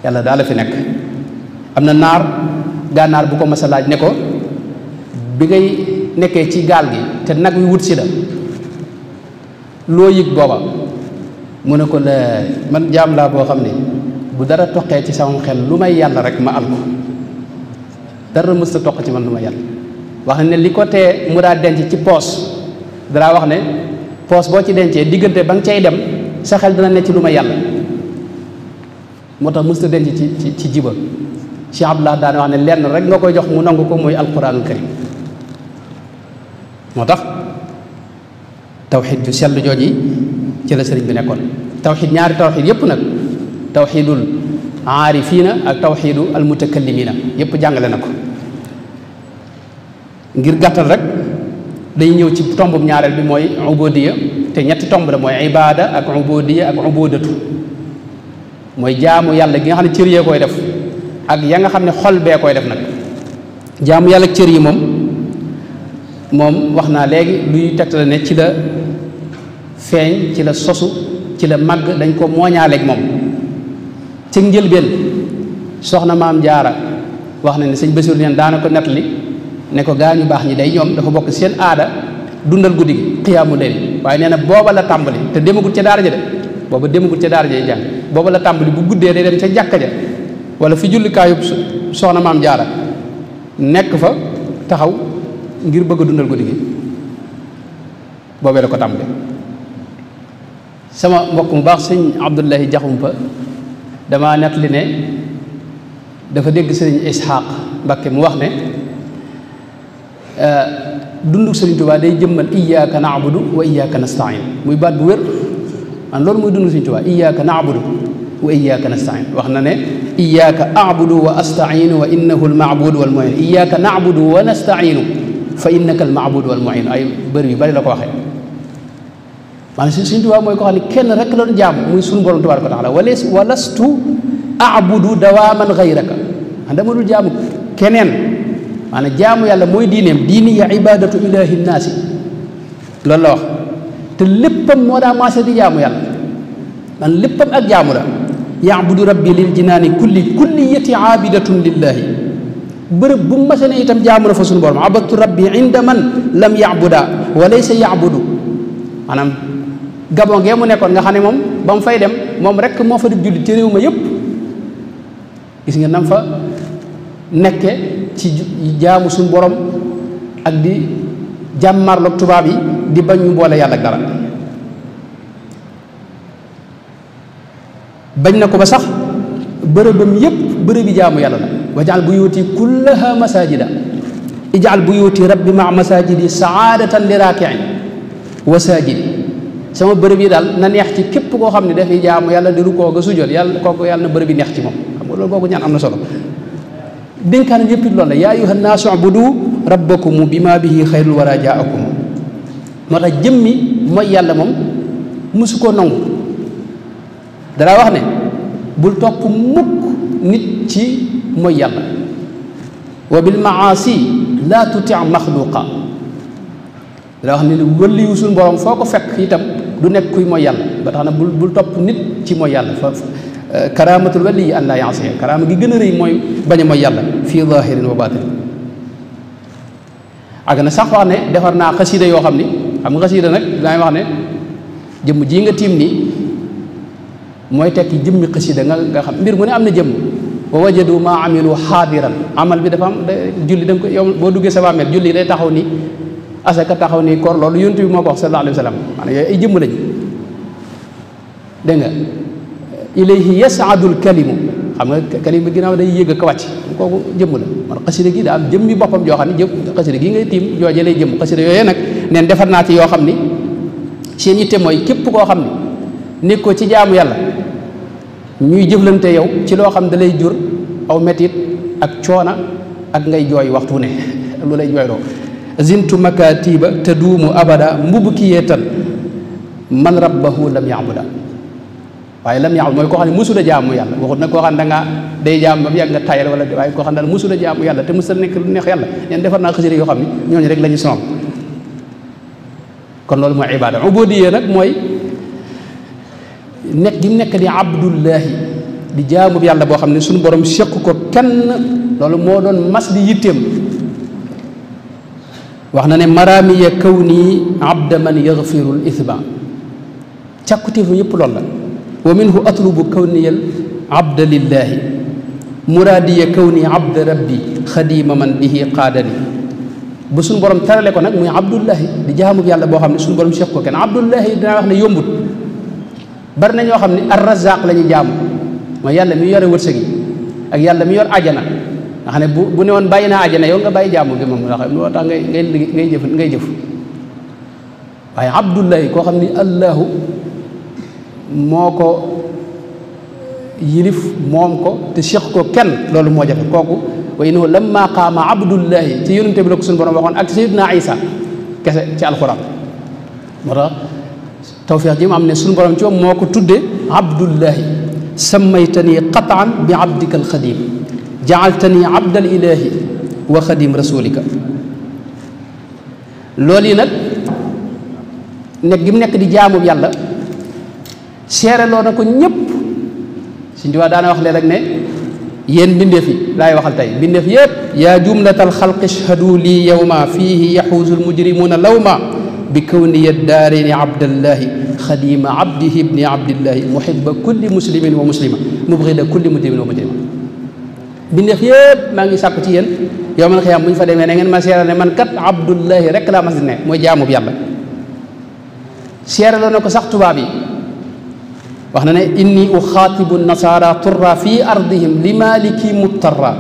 yàlla daal la fi nekk am na naar gànnaar bu ko mas a laaj ne ko bi ngay nekkee ci gaal gi te nag wi wut si la loo yëg booba mu ne ko la man jaam laa boo xam ne bu dara toqee ci sama xel lu may yàlla rek ma am ko dara mës a toq ci man lu ma yàlla wax ne li ko tee mu daa denc ci poos daraa wax ne poos boo ci dencee diggante ba nga cay dem sa xel dana ne ci lu yàlla motax musta mësta denc ci ci ci jiba Cheikh Abdallah daane wax ne len rek nga koy jox mu nangu ko moy alquran karim motax tawhid tawxid ju sell jooji ci la serigne bi nekkoon tawhid ñaari tawhid yep nak tawhidul عارفين التوحيد المتكلمين يب yépp نكو غير غاتال رك داي rek سي ñëw نياارل بي موي عبوديه te ñetti tomb la mooy ibaada ak ubudiya ak ubudatu mooy jaamu yàlla gi nga xam ne cër yee koy def ak ya nga xam ne xol bee koy def nag jaamu yàlla cër yi moom moom wax naa léegi luy tegtale ne ci la feeñ ci la sosu ci la màgg dañ ko mooñaaleeg moom ci njëlbeen soxna maam jaara wax na ne sëñ Basiru neen daanako ko nettali ne ko gaa ñu baax ñi day ñoom dafa bokk seen aada dundal guddi gi xiyaamu leen waaye nee na booba la tàmbali te demagul ca daara ja de booba demagul ca daara ja jàng booba la tàmbali bu guddee day dem ca jàkka ja wala fi jullikaayu soxna maam jaara nekk fa taxaw ngir bëgg a dundal ko gi boobee la ko tàmbali sama mbokk mu baax sëñ abdullahi jaxumpa damaa nettali ne dafa dégg sëñ isxaaq mbakke mu wax ne euh, dunduk Serigne Touba day jëmmal iyyaka na'budu wa iyyaka nasta'in muy baat bu wér man lool muy dunduk Serigne Touba iyyaka na'budu wa iyyaka nasta'in wax na ne iyyaka a'budu wa asta'inu wa innahu al mabud wal mu'in iyyaka na'budu wa nasta'inu fa innaka al mabud wal mu'in ay bari yu bari la ko waxee maanaam Serigne Touba moy ko xani kenn rek la doon jaam muy sunu borom tabaraka taala wa ta'ala walastu a'budu dawaman ghayraka andamul dul kenen maanaam jaamu yàlla mooy diineem diini ya ibadatu ilahi naasi loolu la wax te léppam moo daa maase di jaamu yàlla man léppam ak jaamu la yaabudu rabbi lil jinaani kulli kulliyati aabidatun lillahi bërëb bu mase ne itam jaamu la fa suñu borom abadtu rabbi inda man lam yaabuda wa laysa yaabudu maanaam gabon gee mu nekkoon nga xam ne moom ba fay dem moom rek moo fa di julli ci réew ma yépp gis nga nam fa nekke ci jaamu suñu borom ak di jàmmarloog tubaab yi di bañ ñu boole yàlla ak bañ na ko ba sax bërëbam yépp bërëbi jaamu yàlla la wajaal buyuti kullaha masajida ijaal buyuti rabbi ma masajidi saadatan li raakiin wa saajidi sama bërëb yi daal na neex ci képp koo xam ne dafay jaamu yàlla di rukkoo ga sujjoot yàlla kooku yàlla na bërëb yi neex ci moom xam nga loolu kooku ñaan am na solo دين كان يبت الله يا أيها الناس عبدو ربكم بما به خير ورجاءكم مرة جمي ما يعلمهم مسكو نوم دراوة وحنا بلتوك مك نتشي ما يعلم وبالمعاصي لا تطع مخلوقا دراوة وحنا ولي يوسف برام فوق فك يتم دونك كوي ما يعلم بطانا بل بلتوك نتشي ما يعلم karaamatul wali an laa yaasiya karaama gi gën a rëy mooy bañ a mooy yàlla fii zahirin wa batin ak na sax wax ne defar naa xasida yoo xam ni xam nga xasida nag daay wax ne jëmm jii nga tiim nii mooy tekki jëmmi xasida nga nga xam mbir mu ne am na jëmm wa wajadu ma amilu xaadiran amal bi dafa am julli da ko yow boo duggee sa bàmmeel julli day taxaw nii asaka taxaw nii koor loolu yonent bi moo ko wax sallallahu alayhi wa yooyu ay jëmm lañ dégg nga ilayhi yasaadul kalimu xam nga kalim bi ginnaaw day yéeg ak wàcc kooku jëmm la man xasida gi daa am jëmmi boppam joo xam ne jëm xasida gi ngay tiim jooje lay jëmm xasida yooyee nag neen defar naa ci yoo xam ni seen yitte mooy képp koo xam ne nekkoo ci jaamu yàlla ñuy jëflante yow ci loo xam ne da lay jur aw metit ak coona ak ngay jooy waxtu ne [LAUGHS] lu lay jooy loo zintu makatiba taduumu abada mbubb mbubkiyeetan man rabbahu lam yaabuda waye lam yaaw moy ko xamne ne musula jaamu yalla waxu na ko xamne da nga day jaam bam yag nga tayal wala waye ko xamne daal musula jaamu yalla te musul nek lu neex yalla ñen defal na xasida yo xam ne rek lañu ñu kon lolu moy ibada ubudiyya nak moy nek gi nek di abdullah di jaamu yàlla boo xam ne suñu borom sekk ko kenn lolu mo doon mas di yittem wax na ne marami ya kawni abdaman yaghfirul yaxfirul ithba càkkuteefu yëpp lolu la wa minhu atlubu kawniyal abda lillaahi muraadiya kawni abda rabbi xadiima man bihi qaadani bu suñu borom tarale ko nag muy abdullahi di jaamub yàlla boo xam ne suñu borom seq ko kenn abdullahi dinaa wax ne yombut bari na ñoo xam ne ar razaq la ñuy jaamu mooy yàlla mi yore wërsëg yi ak yàlla mi yor ajana nga xam ne bu bu ne woon bàyyi naa ajana yow nga bàyyi jaamu bi moom ndax loo tax ngay ngay ngay jëf ngay jëf waaye abdullahi koo xam ni allahu moko yilif mom ko te cheikh ko ken lolou mo jafe koku wa inna lamma qama abdullahi ci yonente bi la sun borom waxon ak sayyidna isa kesse ci alquran mara tawfiq ji amne sun borom ci moko tudde abdullahi sammaytani qat'an bi abdika alkhadim jaaltani abdal ilahi wa khadim rasulika loli nak nek gim nek di jamu yàlla seereloo na ko ñëpp suñ diwaa daana wax léeg-léeg ne yéen mbindeef yi laay waxal tey mbindeef yépp yaa jumlatal xalqi shhadu lii yowma fiihi yaxuusu lmujrimuuna lawma bi kawniya daarini abdallahi xadima abdihi ibni abdillahi kulli muslimin wa muslima mubrida kulli mujrimin wa mujrima mbindeef yépp maa ngi sàkku ci yéen yow man xiyaam bu ñu fa demee na ngeen ma seeral ne man kat abdullahi rek laa mas ne mooy jaamu yàlla seeraloo na ko sax tubaab yi وحنا إني أخاطب النصارى ترى في أرضهم لمالك مضطرا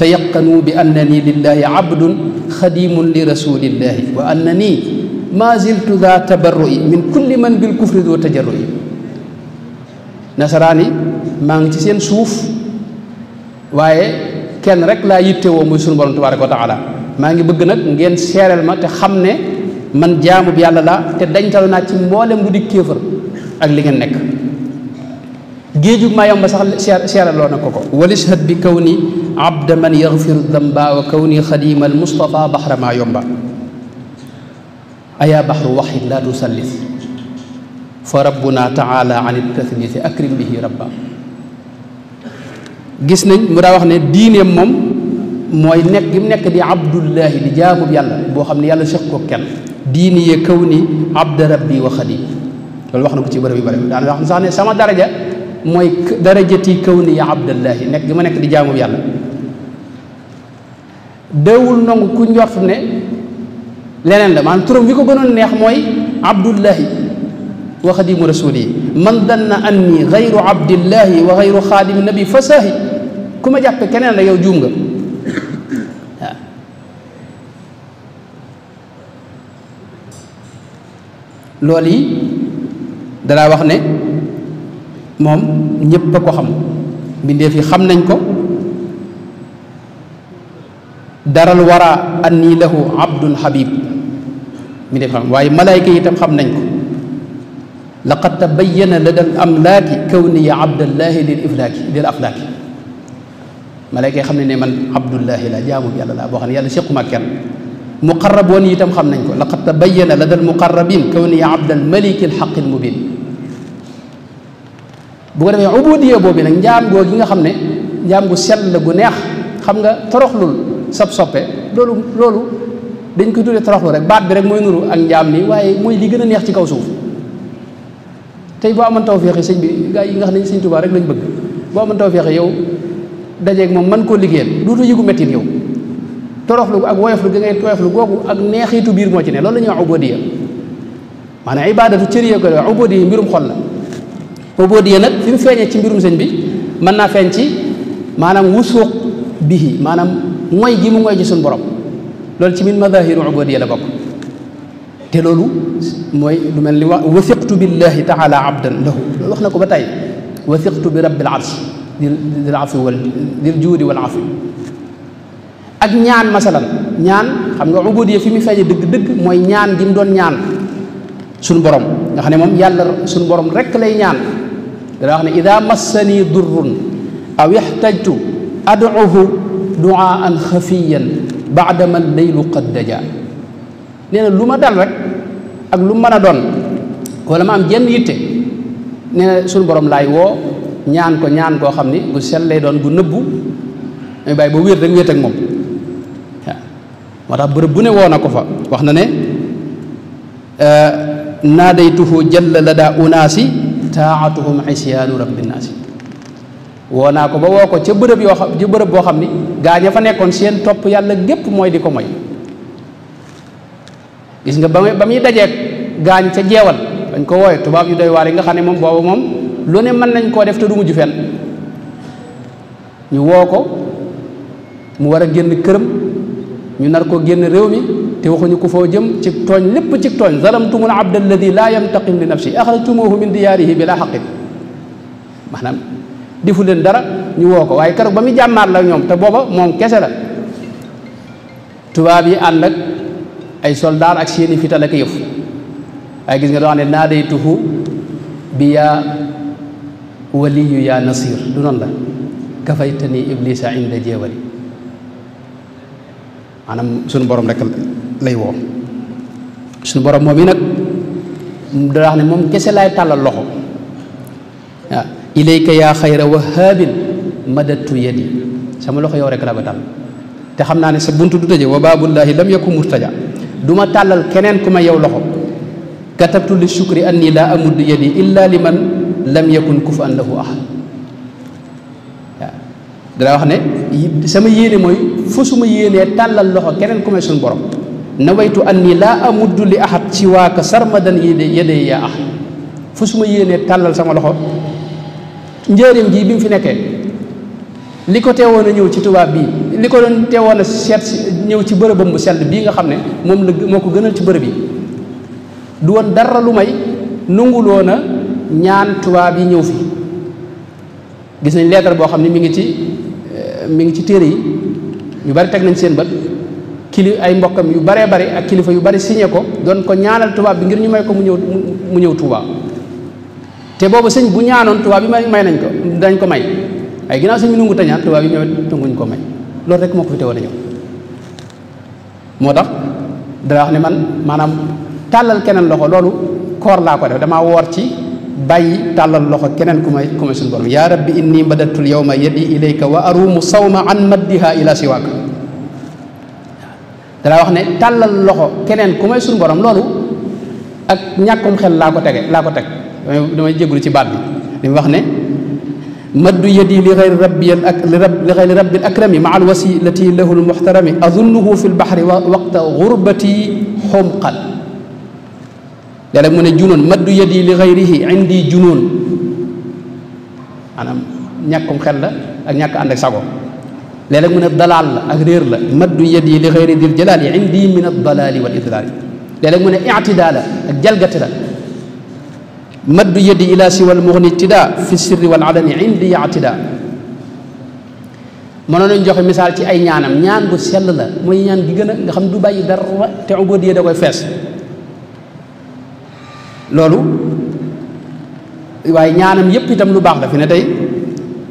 تيقنوا بأنني لله عبد خديم لرسول الله وأنني ما زلت ذا تبرؤ من كل من بالكفر ذو تجرؤ نصراني ما سين سوف واي كان رك لا يتوى مسلم برون تبارك وتعالى ما نجي بغنك نجي نسير الماء تخمنا من جامو بيالا لا تدنجل ناتي مولم بودي كفر أغلقنك géejug maa yomb sax seeraloo na ko ko walishhad bi kaw ni abda wa kaw ni xadima almustafa maa mu daa wax ne diineem moom mooy nekk gi mu nekk di abdullahi di jaamub yàlla boo xam ne yàlla seq ko kenn diini ye kaw ni abda rabbi wa xadim loolu wax na ko ci bërëb yu bëri daana wax ne sax ne sama daraja mooy darajati kawni ya abdallahi nekk gi ma nekk di jaamu yàlla deewul nangu ku njort ne leneen la maanaam turam wi ko gënoon neex mooy abdullahi wa xadimu rasuli man danna anni gayru abdillahi wa gayru xaadimi nabi fasaahi ku ma jàppe keneen yow juum nga wax ne mom ñépp ko xam bindé fi xam nañ ko daral wara anni lahu abdun habib mi def xam waye malaika yi tam xam nañ ko laqad tabayyana lada al kawni ya abdullah lil iflaki lil aflaaki malaika xam nañ ne man abdullah la jamu yàlla la bo xam yalla sheikh ma ken muqarraboon yi tam xam nañ ko laqad tabayyana lada al muqarrabin ya abdal malik al haqq al mubin bu ko defee ubudiya boobu nag njaam goo gi nga xam ne njaam gu la gu neex xam nga toroxlul sab soppe loolu loolu dañ koy tuddee toroxlu rek baat bi rek mooy nuru ak njaam nii waaye mooy li gën a neex ci kaw suuf tey boo amoon tawféex yi sëñ bi gaa yi nga xam ne sëñ Tuubaa rek lañ bëgg boo amoon tawféex yow dajeeg moom man koo liggéeyal duutu yëgu mettit yow toroxlu ak woyoflu gi ngay woyoflu googu ak neexitu biir moo ci ne loolu la ñuy wax ubodiya maanaam ibaadatu cër yee ko ubodiya mbirum xol la ubudiya nag fi mu feeñee ci mbirum sëñ bi mën naa feeñ ci maanaam wusuuq bihi maanaam mooy gi mu mooy ci suñu borom loolu ci min madahiru ubudiya la bokk te loolu mooy lu mel ni wax wathiqtu billahi taala abdan lahu loolu wax na ko ba tey wathiqtu bi rabbil arsh dil afi wal dil juudi wal afi ak ñaan masalan ñaan xam nga ubudiya fi mu feeñe dëgg-dëgg mooy ñaan gi mu doon ñaan suñu borom nga xam ne moom yàlla suñu borom rekk lay ñaan dana wax ne ida massani durrun aw yaxtajtu aduhu duaan xafiyan baadama leylu qad nee na lu ma dal rek ak lu mën doon wala ma am jenn yitte nee suñu borom laay woo ñaan ko ñaan koo xam ni gu sell doon bu nëbbu damay bàyyi ba wéet rek wéet moom bu ne ko fa wax na ne naadaytuhu jalla la daa unaasi taatuhum isyaanu rabbinnaasi woo naa ko ba woo ko ca bërëb yoo xam ca bërëb boo xam ni gaa ña fa nekkoon seen topp yàlla gépp mooy di ko moy gis nga ba muy ba muy gaañ ca jeewal dañ ko wooye tubaab yu doy waar yi nga xam ne moom boobu moom lu ne mën nañ koo def te du mujj fenn ñu woo ko mu war a génn këram ñu nar koo génn réew mi te waxu waxuñu ku fo jëm ci togn lépp ci togn tooñ zalamtumul abd alladhi la yamtaqim li nafsi akhrajtumuhu min diyarihi bila haqqin manam difu len dara ñu woko way waaye bami jamar la ñom te boba mom kese la tuba bi ànd ak ay soldaar ak seeni fital ak yëf ay gis nga doo xam ne naadaytuhu bi ya wali ya nasir du non la kafaytani iblisa inda jeewali maanaam sun borom rek lay woo suñu borom moom yi nag da ne moom kese laay tàllal loxo waaw ilayka yaa xayra wahaabin madattu yadi sama loxo yow rek laa ba tàll te xam naa ne sa buntu du tëje wa baabullaahi lam yakun murtaja du ma tàllal keneen ku ma yow loxo katabtu li shukri anni laa amuddu yadi illa li man lam yakun kufan lahu ahad waaw dara wax ne sama yéene mooy fa suma yéenee tàllal loxo keneen ku may suñu borom na nawaytu anni laa amuddu li ahad si waaka sarmadan yedey yaa ahad fu su ma yéenee tàllal sama loxo njëriñ ji bi mu fi nekkee li ko teewoon a ñëw ci tubaab bii li ko doon teewoon a seet si ñëw ci bërëbam bu sell bii nga xam ne moom la moo ko gënal ci bërëb yi du woon dara lu may nanguloon a ñaan tubaab yi ñëw fi gis nañ leetar boo xam ne mi ngi ci eh, mi ngi ci téere yi ñu bari teg nañ seen bët kili ay mbokkam yu baree bari ak kilifa yu bari signé ko doon ko ñaanal tubaab bi ngir ñu may ko mu ñëw mu ñëw Touba te boobu sëñ bu ñaanoon tubaab yi may nañ ko dañ ko may ay ginnaaw sëñ bi nungu tañaan tubaab yi ñëwet tunguñ ko may loolu rek moo ko fi teewoon a ñëw moo tax dana wax ne man maanaam tàllal keneen loxo loolu koor laa ko def damaa woor ci bàyyi tàllal loxo keneen ku may ku may suñu borom yaa rabbi inni badattul yawma yadi ilayka wa arumu sawma an maddiha ila siwaaka dalaa wax ne talal loxo keneen ku may sun borom lolu ak ñakum xel la ko tege la ko tek dama jéglu ci baat bi lim wax ne maddu yadi li ghayr rabbi al ak li rabbi ghayr rabbi al akram ma al wasilati lahu al muhtaram azunnuhu fi lbaxri waqta gurbati xumqan léeg-léeg mu ne junun maddu yadi li ghayrihi indi junun anam ñakum xel la ak ñak ànd ak sago لالا من الضلال اغرير لا مد يدي لغير ذي الجلال عندي من الضلال والاذلال لالا من اعتدال جلقت لا مد يدي الى سوى المغني اتداء في السر والعلن عندي اعتداء من نون جوخ مثال تي اي نيانم نيان بو سيل لا موي نيان دي غنا خم دو باي دار تي عبود يدا كوي فاس لولو واي نيانم ييب تام لو باخ دا في تاي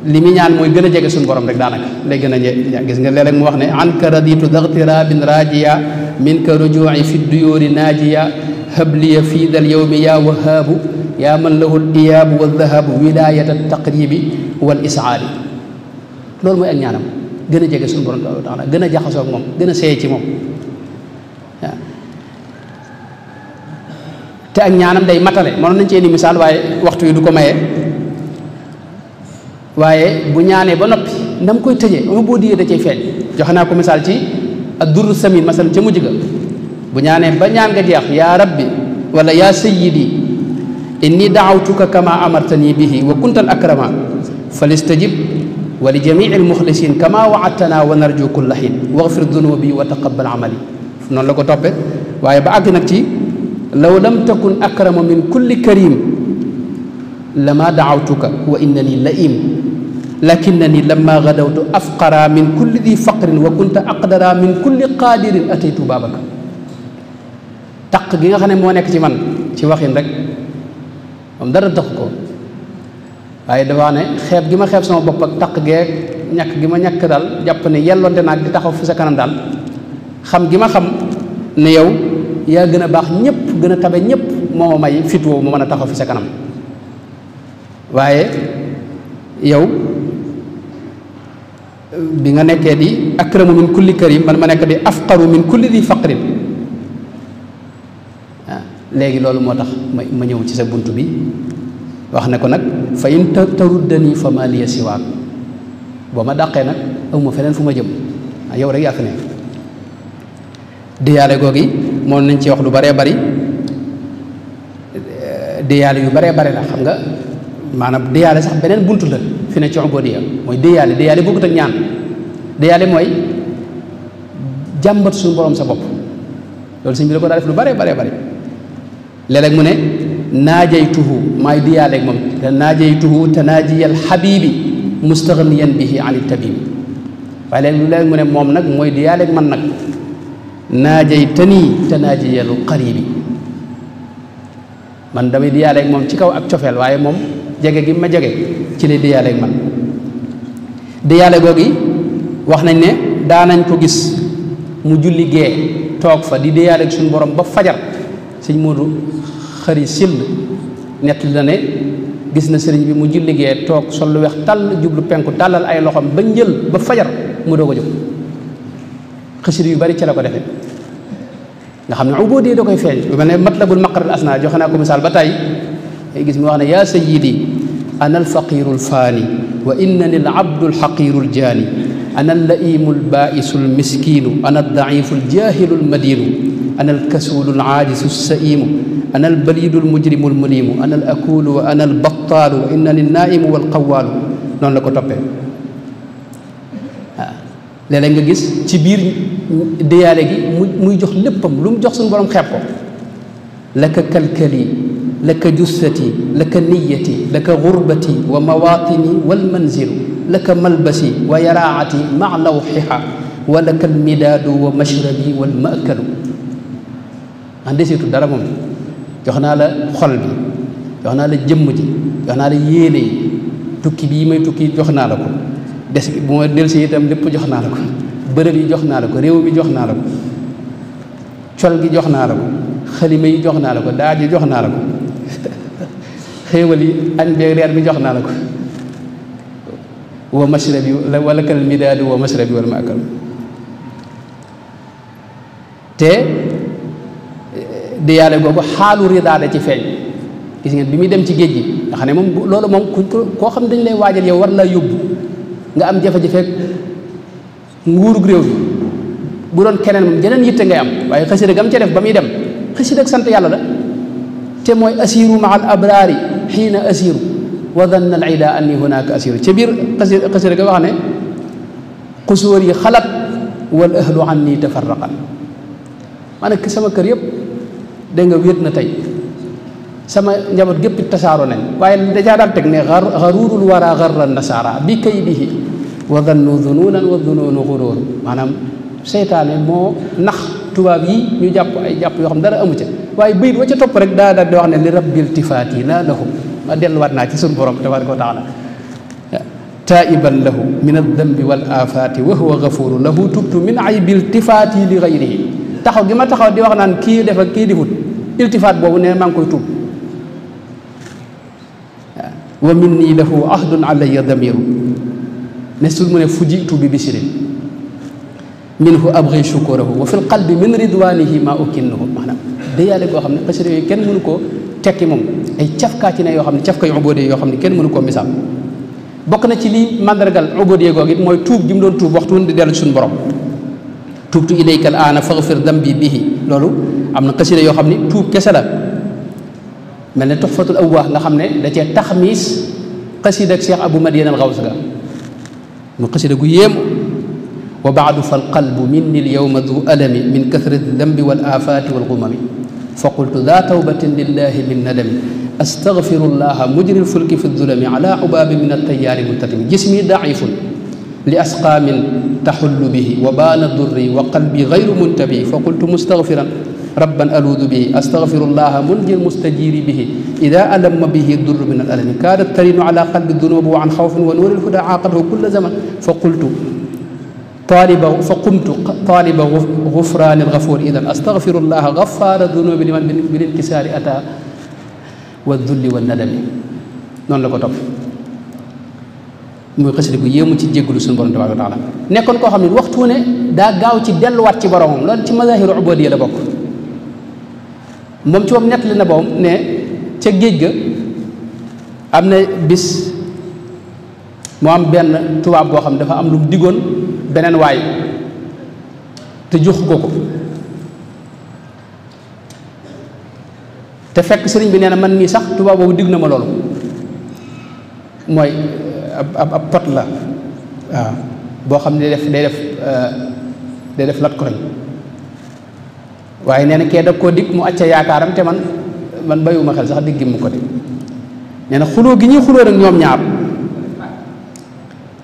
li mu ñaan mooy gën a jege suñu borom rek daanaka lay gën a gis nga léeg-léeg mu wax ne an ka raditu daxtira bin rajiya min ka rujui fi duyóori naajiya habliya fii dal yowmi yaa wahaabu yaa man lahu iyaabu wa dahabu wilayata taqribi wal isaali loolu mooy ak ñaanam gën a jege suñu borom taala gën a jaxasoo ak moom gën a seey ci moom waaw te ak ñaanam day matale mënoon nañ cee ni misaal waaye waxtu yi du ko maye waye bu ñaané ba nopi ndam koy tejé mo bo diyé da cey fël joxana ko misal ci ak durru samin masal ci mujiga bu ñaané ba ñaan nga jeex ya rabbi wala ya sayyidi inni daawtuka kama amartani bihi wa kuntal akrama falistajib jami'il فليستجب ولجميع المخلصين كما وعدتنا waghfir dhunubi wa taqabbal 'amali non la ko topé waye ba ag nak ci law lam takun akrama min kulli karim لما دعوتك وانني لئيم لكنني لما غدوت أفقر من كل ذي فقر وكنت أقدر من كل قادر أتيت بابك تق جيغا خاني مو نيك سي مان سي واخين رك مام دارا تخ كو waaye dafa ne xeeb gi ma xeeb sama bopp ak taq geeg ñàkk gi ma ñàkk dal. jàpp ne yellonte naag di taxaw fi sa kanam daal xam gi ma xam ne yow yaa gën a baax ñëpp tabe ñëpp moo may taxaw sa kanam waaye yow bi nga nekké di akramu min kulli karim man ma nekk di afqaru min kulli di faqrin ah léegi loolu konak, ma ñew ci sa buntu bi wax ne ko nak fa in taruddani fa ma li siwaak bo ma daqé nak amu fenen fuma jëm ah, yow rek fa nek di diyaale gogi mo nañ ci wax lu bari eh, diyaale yu bare la xam nga maanaam déyaale sax beneen buntu la fi ne ci ubudiyya mooy déyaale déyaale bokkut ak ñaan déyaale mooy jàmbat suñu borom sa bopp loolu sëñ bi da ko daa def lu bare bare bare léeg mu ne naajaytuhu maay déyaale ak moom te naajaytuhu te naajiyal xabiibi mustaxniyan bihi ani tabiib waaye léeg moom nag mooy déyaale ak man nag naajaytanii te naajiyalu qariibi man damay déyaale ak moom ci kaw ak cofeel waaye moom jege gi ma jege ci li diyalé ak man diyalé gogi wax nañ da nañ ko gis mu julli gé tok fa di diyalé ak suñu borom ba fajar señ Modou xëri sil net la né gis na señ bi mu julli gé tok sol lu tal jublu penku dalal ay loxam ba ñël ba fajar mu dogo a jóg yu bari ci la ko defee nga xam ne da koy feeñ bu mel matlabul maqr al asna joxe ko misal batay ay gis mi wax ne ya sayyidi أنا الفقير الفاني وإنني العبد الحقير الجاني أنا اللئيم البائس المسكين أنا الضعيف الجاهل المدين أنا الكسول العاجز السئيم أنا البليد المجرم المليم أنا الأكول وأنا البطال وإنني النائم والقوال نون لكو ko toppee waaw léeg-léeg nga gis ci biir déyaale gi mu muy لك جثتي لك نيتي لك غربتي ومواطني والمنزل لك ملبسي ويراعتي مع لوحها ولك المداد ومشربي والمأكل عندي سيت دارامم جخنا لا خول بي جخنا لا جيم جي جخنا لا ييلي توكي بي ماي توكي جخنا لا كو ديس بي مو ديل سي تام ليپ جخنا لا كو بيرل يي جخنا لا كو ريو بي جخنا لا كو تشول جخنا لا كو خليمه يي جخنا لا كو داجي جخنا لا كو xéewal yi añ beeg reer bi jox naa la ko wa mashrabi wa lakal midaadu wa mashrabi wal maakal te diyaale googu xaalu ridaa da ci feeñ gis ngeen bi muy dem ci géej gi nga xam ne moom loolu moom ku koo xam dañ lay waajal yow war laa yóbbu nga am jafe-jafe nguurug réew bi bu doon keneen moom jeneen yitte ngay am waaye xasida gam ca def ba muy dem xasida sant yàlla la تموي أسير مع الأبرار حين أسير وظن العلا أني هناك أسير كبير قصير قصير قبعني قصوري خلق والأهل عني تفرقا أنا كسما كريب دنجا ويتنا نتاي سما نجابت جب التسارو نن وين دجارات تكني غر غرور الورا غر النسارة بكي به وظنوا ظنونا وظنون غرور مانام سيتاني مو نخ tubaab yi ñu jàpp ay jàpp yoo xam dara amu ca waaye bayit wa ca topp rek daa daal di wax ne li rabbil tifaati laa lahu ma delluwaat naa ci suñu borom tabaraka wa taala taiban lahu min aldambi wal afaati wa huwa gafuru lahu tubtu min aybi iltifaati li gayrihi taxaw gi ma taxaw di wax naan kii def ak kii difut iltifaat boobu ne maa koy tuub wa minni lahu ahdun alayya damiru ne su mu ne fujitu bi bisirin منه أبغي شكره وفي القلب من رضوانه ما أكنه معنا دي على قوام قصر يكن منكو تكيم أي تف كاتنا يوم تف كي عبود يوم كن منكو مثال بكنا تلي ما درجال عبود يقعد ما يتوب جمدون توب وقتون دير سن برام توبت إليك الآن فغفر ذنبي به لولو أمن قصر يوم توب كسلا من التحفة الأول نحن نتي تخميس قصيدة شيخ أبو مدين الغوزة من قصيدة قيمه وبعد فالقلب مني اليوم ذو ألم من كثرة الذنب والآفات والغمم فقلت ذا توبة لله من ندم أستغفر الله مجري الفلك في الظلم على عباب من التيار متتم جسمي ضعيف لأسقام تحل به وبان ضري وقلبي غير منتبه فقلت مستغفرا ربا ألوذ به أستغفر الله منجي المستجير به إذا ألم به الضر من الألم كادت ترين على قلب الذنوب وعن خوف ونور الهدى عاقبه كل زمن فقلت طالب فقمت طالب غفران الغفور اذا استغفر الله غفار الذنوب لمن بالانكسار اتى والذل والندم نون لاكو توف موي قصدي بو ييمو سي جيغلو سون بروم تبارك وتعالى نيكون كو خامني وقتو ني دا گاو سي دلو وات سي بروم لول سي مظاهر عبوديه لا بوك موم سي موم نيتلي نا بوم ني سي گيج امنا بيس مو ام بن تواب بو خامني دا ام لوم ديگون beneen waay te jox ko ko te fekk sëriñ bi nee na man nii sax tubaab boobu digg na ma loolu mooy ab ab pot la waaw boo xam ne day def day def euh, day def lat koroñ waaye nee na kee koo dig mu acca yaakaaram te man man bàyyiwuma xel sax digg mu ko de nee na xuloo gi ñuy xuloo rek ñoom ñaar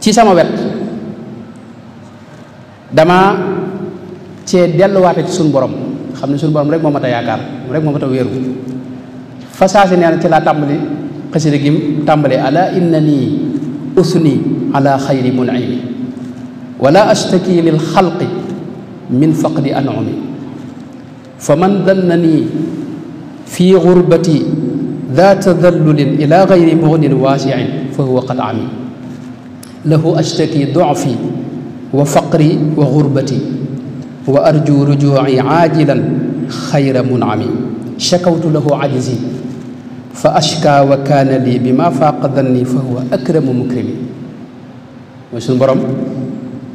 ci sama wet dama ci delu delluwaate ci sun borom xamni sun borom rek momata yakar rek momata weru fasasi neena ci la tàmbali xasida gi tambali ala innani usni ala khayri munimi wala ashtaki lil khalqi min faqdi an'ami fa man dannani fi gurbati ذا تذلل إلى غير مغن واسع فهو قد عمي له أشتكي ضعفي وفقري وغربتي وأرجو رجوعي عاجلا خير منعمي شكوت له عجزي فأشكى وكان لي بما فاق ظني فهو أكرم مكرمي وشنو برم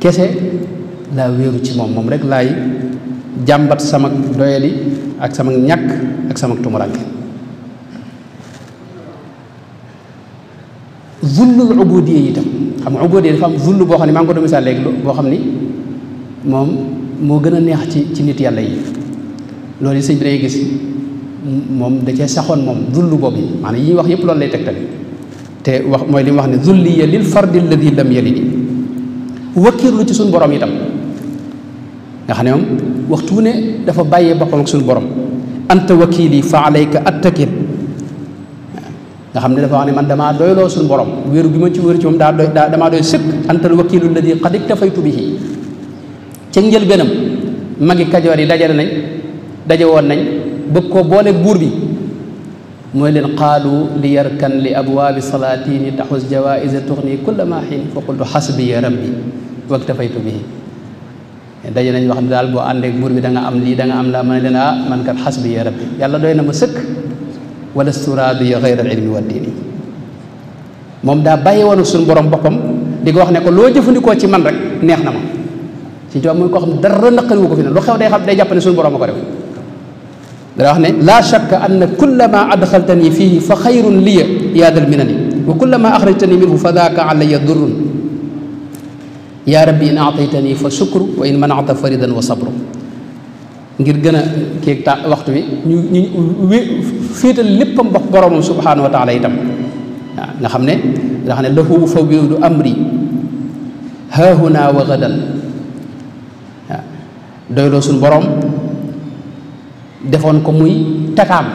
كيسي لا ويرو تشمم ممرك لاي جامبات سمك دويلي اك سمك نياك اك سمك تومرانك ذل العبودية يتم xam nga ubóode dafa am zullu boo xam ne maa ngi ko doon misaal léegi boo xam ni moom moo gën a neex ci ci nit yàlla yi loolu sëñ bi day gis moom da cee saxoon moom zullu boobu yi maanaam yi ñuy wax yëpp loolu lay tegtal te wax mooy li mu wax ne zulliya lil fardi alladi lam yalidi wakkiirlu ci suñ borom itam nga xam ne moom waxtu ne dafa bàyyee boppam ak suñ borom anta wakili fa alayka attakil nga xamne dafa wax ni man damaa doyloo sun borom wéeru gi ma ci Antara ci mom da doy daa doy sëkk antal wakilul ladhi di iktafaytu bihi ci ngeel benam magi kajoor dajal nañ daje woon nañ bëgg ko bolé buur bi moy len qalu li yarkan li abwaabi salatin tahuz jawaiz tughni kullama hin fa qultu ya rabbi wak bihi daje nañ wax dal bo boo àndeek bi da nga am li da nga am la man len ah, man kat ya rabbi yalla doyna ma sëkk ولست راضيا غير العلم والدين موم دا باي وانو سون بروم بوكم ديغ واخ نيكو لو جيفاندي كو سي مان رك نيهنا ما سي جوم موي كو خم دار نقل وكو فينا لو خيو داي خاب داي جابني سون بروم مكو ريف دا واخ ني لا شك ان كل ما ادخلتني فيه فخير لي يا ذا المنن وكل ما اخرجتني منه فذاك علي ضر يا ربي ان اعطيتني فشكر وان منعت فردا وصبر ngir gëna kek ta waxtu wi ñu féetal léppam bok borom subhanahu wa taala itam nga xamne nga xamne lahu ufawwidu amri ha huna wa ghadan doylo sun borom defon ko muy takam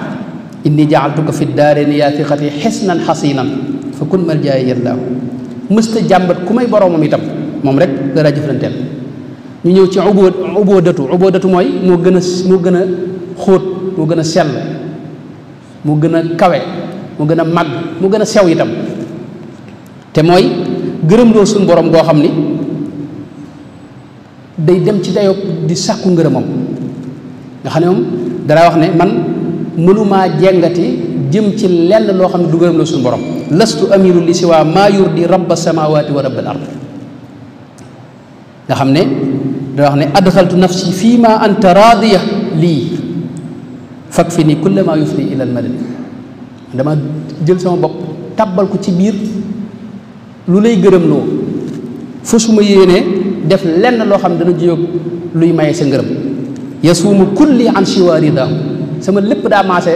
inni jaaltuka fi daareeni ya thiqati hisnan hasinan fa kun marjaaye yallaahu musta jàmbat kumay borom boromam itam mom rek dara jëflanteel ñu ñëw ci ubudatu ubudatu moy mo gëna mo gëna xóot mo gëna sel mu gën a kawe mu gën a màgg mu gën a sew itam te mooy gërëm loo suñu boroom goo xam ni day dem ci dayoo di sàkku ngërëmam nga xam ne moom dara wax ne man mënuma jengati jëm ci lenn loo xam ne du gërëmloo suñu borom lastu amiru li siwa maa yurdi rabba samawati wa rabbal ard nga xam ne dara wax ne adxaltu nafsi fii ma anta raadiya lii fak fi nii kulle maa yuf nii ilal dama jël sama bopp tàbbal ko ci biir lu lay gërëm loo fa su ma yéenee def lenn loo xam dana jiyoog luy maye sa ngërëm yasuumu kulli an siwaari daaw sama lépp daa maase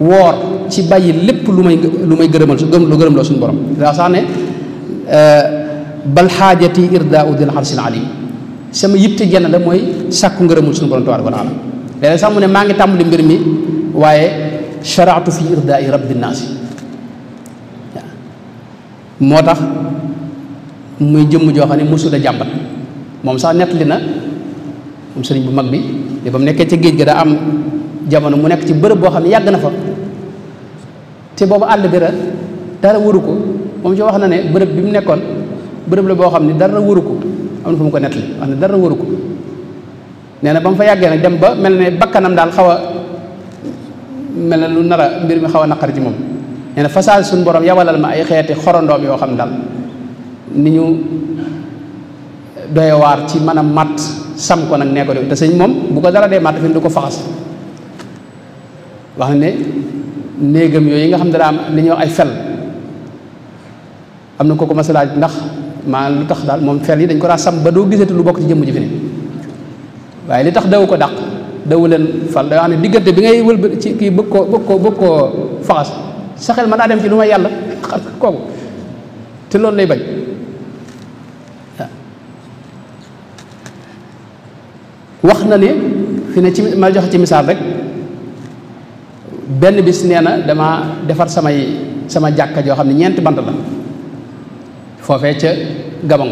woor ci bàyyi lépp lu may lu may gërëmal su lu gërëm loo suñu borom daa sax ne euh, bal xaajati irdaau dil arsil alim sama yitte jenn la mooy sàkku ngërëmul suñu borom tabaaraka wa taala léeg sax mu ne maa ngi tàmbali mbir mi waaye sharaatu fi irdaai rabbi naasi moo tax muy jëmm joo xam ne mosula jàmbat moom sax nettali na moom sëriñ bu mag bi li ba mu nekkee ca géej ga daa am jamono mu nekk ci bërëb boo xam ne yàgg na fa te boobu àll bi la dara wëru ko moom ci wax na ne bërëb bi mu nekkoon bërëb la boo xam ne dara wëru ko am na fu mu ko nettali wax ne dara wëru ko nee na ba mu fa yàggee nag dem ba mel ne bakkanam daal xaw mel ne lu nar mbir mi xaw a naqar ci moom nee na façage suñu borom yabalal ma ay xeeti xorandoom yoo xam ne daal ni ñu doy waar ci mën a matt ko nag nee te sëñ moom bu ko dara dee matt fi du ko faxas wax ne néegam yooyu nga xam ne daa am li ñuy wax ay fel am na ko ko mas a laaj ndax maa lu tax daal moom fel yi dañ ko daa sam ba doo gisati lu bokk ci jëmm ji fi ne waaye li tax daw ko dàq daw leen fal da xam ne diggante bi ngay wëlb ci kii bëgg koo bëgg koo bëgg koo faxas sa xel mën dem ci lu may yàlla xam kooku te loolu lay bañ wax na ne fi ne ci ma joxe ci misaal rek benn bis nee na damaa defar samay sama jàkka joo xam ne ñeent bant la foofee ca Gabon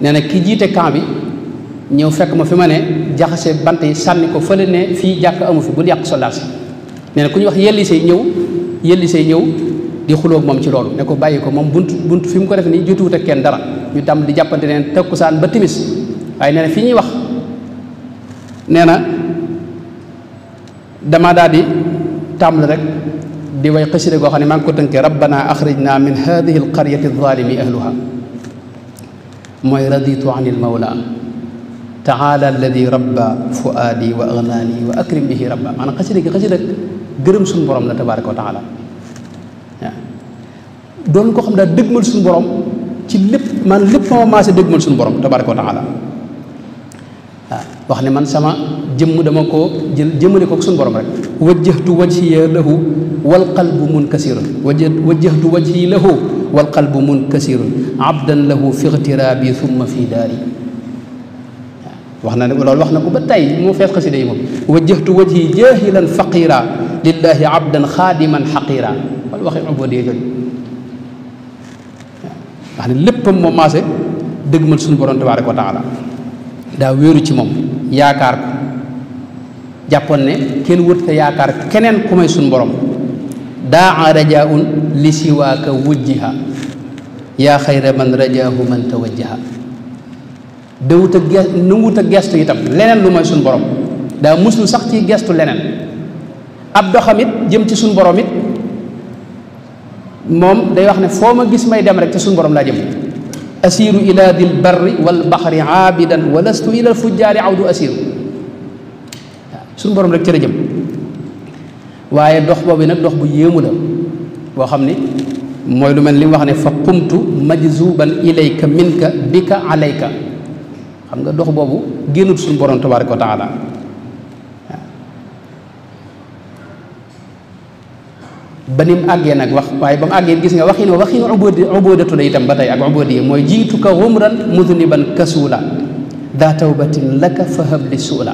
nee na ki jiite camp bi ñëw fekk ma fi mané ne jaxase bant yi sànni ko feulé ne fi jàkk amu fi bu yàq soldaar né nee ñu wax yelli ñëw yelli ñëw di xulo mom ci lool ne ko bàyyi ko moom buntu bunt fi ko def ni jottu wut ak kèn dara ñu tam di jàppante né takkusaan ba timis ay né fi ñi wax né na dama daal di tàmbali rek di way xasida go xam ma ko tënkee rabbana akhrijna min hadhihi alqaryati adh-dhalimi ahluha moy raditu 'anil mawla تعالى الذي ربى فؤادي واغناني واكرم به ربا معنى قصيدك قصيدك غرم سن بروم تبارك وتعالى دون كو خم دا دغمل سن بروم تي ليب مان ليب ما ماسي دغمل سن بروم تبارك وتعالى واخني من سما جيم دما كو جيل سن بروم رك وجهت وجهي له والقلب منكسر وجهت وجهت وجهي له والقلب منكسر عبدا له في اغترابي ثم في داري waxna na ne loolu ko ba mu fees yi moom wajjahtu wajhi jahilan faqira lillahi abdan Khadiman haqira wal waxi ubodee jooju wax ne léppam moom maase dëgmal suñu borom tabaaraku taala da wëru ci mom yaakar ko jàppoon ne kenn wërta yaakaar keneen ku may borom daa rajaun li siwaka wujjiha ya khayra man rajaahu man tawajjaha dawut a gestu nanguwut a gestu itam leneen lu mooy suñ borom daa muslu sax ci gestu leneen ab doxam it jëm ci suñ borom it moom day wax ne foo ma gis may dem rek ci suñ borom laa jëm asiru ila dil barri wal baxri aabidan wa lastu ila al fujjaari awdu asiru suñ borom rek ci la jëm waaye dox boobu nag dox bu yéemu la boo xam ni mooy lu mel li mu wax ne fa qumtu majzuban ilayka minka bika alayka xam nga dox boobu génnut suñu borom tabaaraka wa taala ba ni mu àggee nag wax waaye ba mu àggee gis nga waxin waxin ubudi ubudatu la itam ba tey ak mooy jiitu ka xumran mudniban kasuula daa tawbatin laka fahab li suula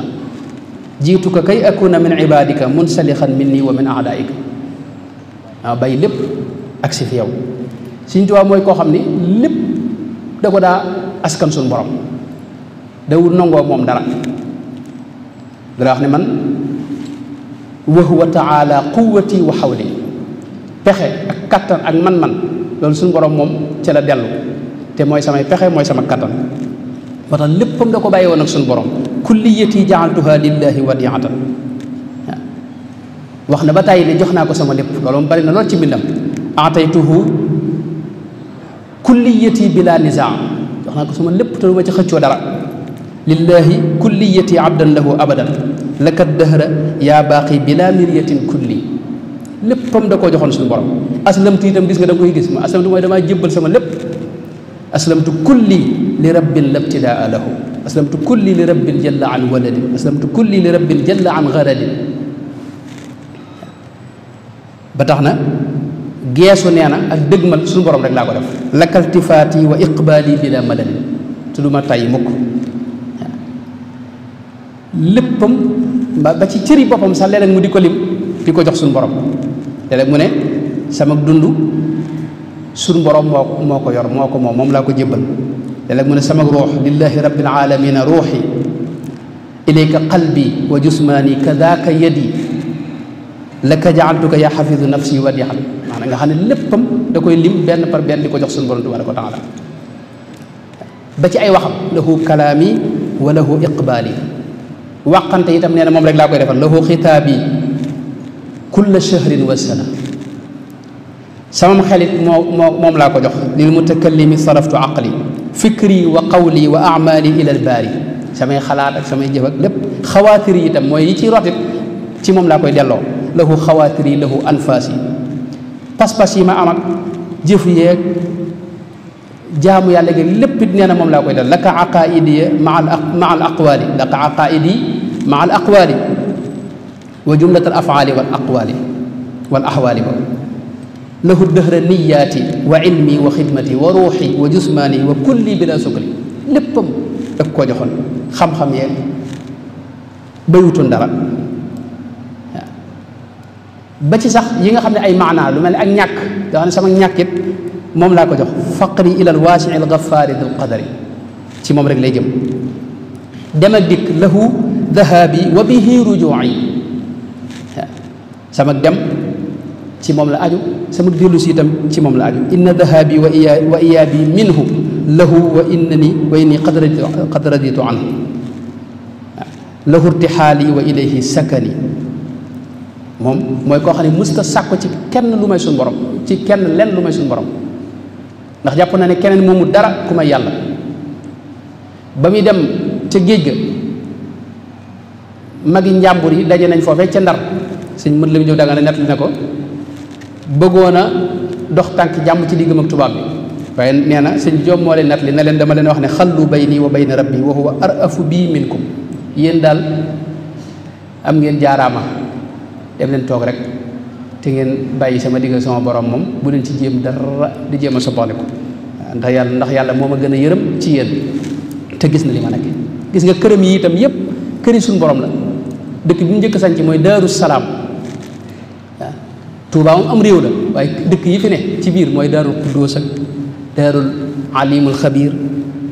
jiitu ka kay akuna min ibadika munsalixan min aadaika bay lépp ak si fi yow Sëñ mooy koo xam ni lépp da ko daa askan suñu borom dawul nangoo moom dara dana wax ne man wa huwa taala quwati wa xawli pexe ak kattan ak man-man loolu suñu borom moom ci la dellu te mooy samay pexe mooy sama kattan moo tax léppam da ko bàyyi woon ak suñu borom kulliyati jaaltuha lillahi wadiatan wax na ba tàyyi ne jox naa ko sama lépp loolu moom bari na lool ci mbindam ataytuhu kulliyati bila nizaa jox naa ko sama lépp te lu ma ci xëccoo dara لله كليتي عبدا له أبدا لك الدهر يا باقي بلا مرية كلي léppam da koo joxoon suñu borom aslamtu itam gis nga da nga koy gis ma aslamtu mooy damaa jébbal sama lépp aslamtu kulli li rabbin labtidaa lahu aslamtu kulli li rabbin jalla an waladin aslamtu kulli li rabbin jalla an garadin ba tax na geesu nee na ak dëgmal suñu borom rek laa ko def lakaltifaati wa iqbaali bila madadin tu du ma tàyyi mukk léppam ba ba ci cëri boppam sax léeg-léeg mu di ko lim di ko jox suñu borom léeg-léeg mu ne sama dund suñu borom moo moo ko yor moo ko moom moom laa ko jébbal léeg-léeg mu ne sama ruux lillahi rabbil alamina ruuxi ilayka qalbi wa jusmani kadaka yadi laka jaaltuka yaa xafidu nafsi wa dixal maanaam nga xam ne léppam da koy lim benn par benn di ko jox suñu borom tabaraka wa taala ba ci ay waxam lahu kalaami wa lahu iqbaali wàqante itam nee na moom rek laa koy defal lahu xitaabi kulla shahrin wa sana sama xelit moo moo moom laa ko jox lil mutakallimi saraftu aqli fikri wa qawli wa amali ila al baari samay xalaat ak samay jëf ak lépp xawaatir yi itam mooy yi ciy rotit ci moom laa koy delloo lahu xawaatir yi lahu anfaas yi pas-pas yi ma am ak jëf yeeg jaamu yàlla gi lépp it nee na moom laa koy delloo laka aqaidi ya maa al aqwaali laka aqaidi مع الأقوال وجملة الأفعال والأقوال والأحوال له الدهر النيات وعلمي وخدمتي وروحي وجسماني وكل بلا سكر لبم أكو جخن خم خم يال بيوت دارا باتي صح ييغا خامني اي معنى لو مل اك نياك دا انا سما نياكيت موم لا جخ فقري الى الواسع الغفار ذو القدر تي موم رك لاي جيم دما ديك له dhahabi wa bihi ruju'i sama dem ci moom la aju sama dellu si itam ci moom la aju inna dhahabi wa iya wa iyabi minhu lahu wa innani wa inni qad raditu qad raditu anhu lahu irtihali wa ilayhi sakani moom mooy koo xam ne musta sàkko ci kenn lu may suñ borom ci kenn lenn lu may suñ borom ndax jàpp na ne keneen moomu dara ku may yàlla ba muy dem ca géej ga mag magi njàmbur yi daje nañ foofee ca ndar sëñ mën la mu ñëw da nga ne nettali na ko bëggoon dox tànk jàmm ci diggam ak tubaab bi waaye nee na sëñ joom moo leen nettali na leen dama leen wax ne xallu bayni wa bayna rabbi wa huwa arafu bii minkum yéen daal am ngeen jaaraama dem leen toog rek te ngeen bàyyi sama digg sama borom moom bu leen ci jéem dara di jéem a soppaliku ndax yàlla ndax yàlla moo ma gën a yërëm ci yéen te gis na li gis nga këram itam yëpp këri suñu borom la dëkk bi mu njëkk sanc mooy daaru salaam waaw Tuubaa réew dëkk yi fi ne ci biir mooy daarul Quddoos ak daarul alimul xabiir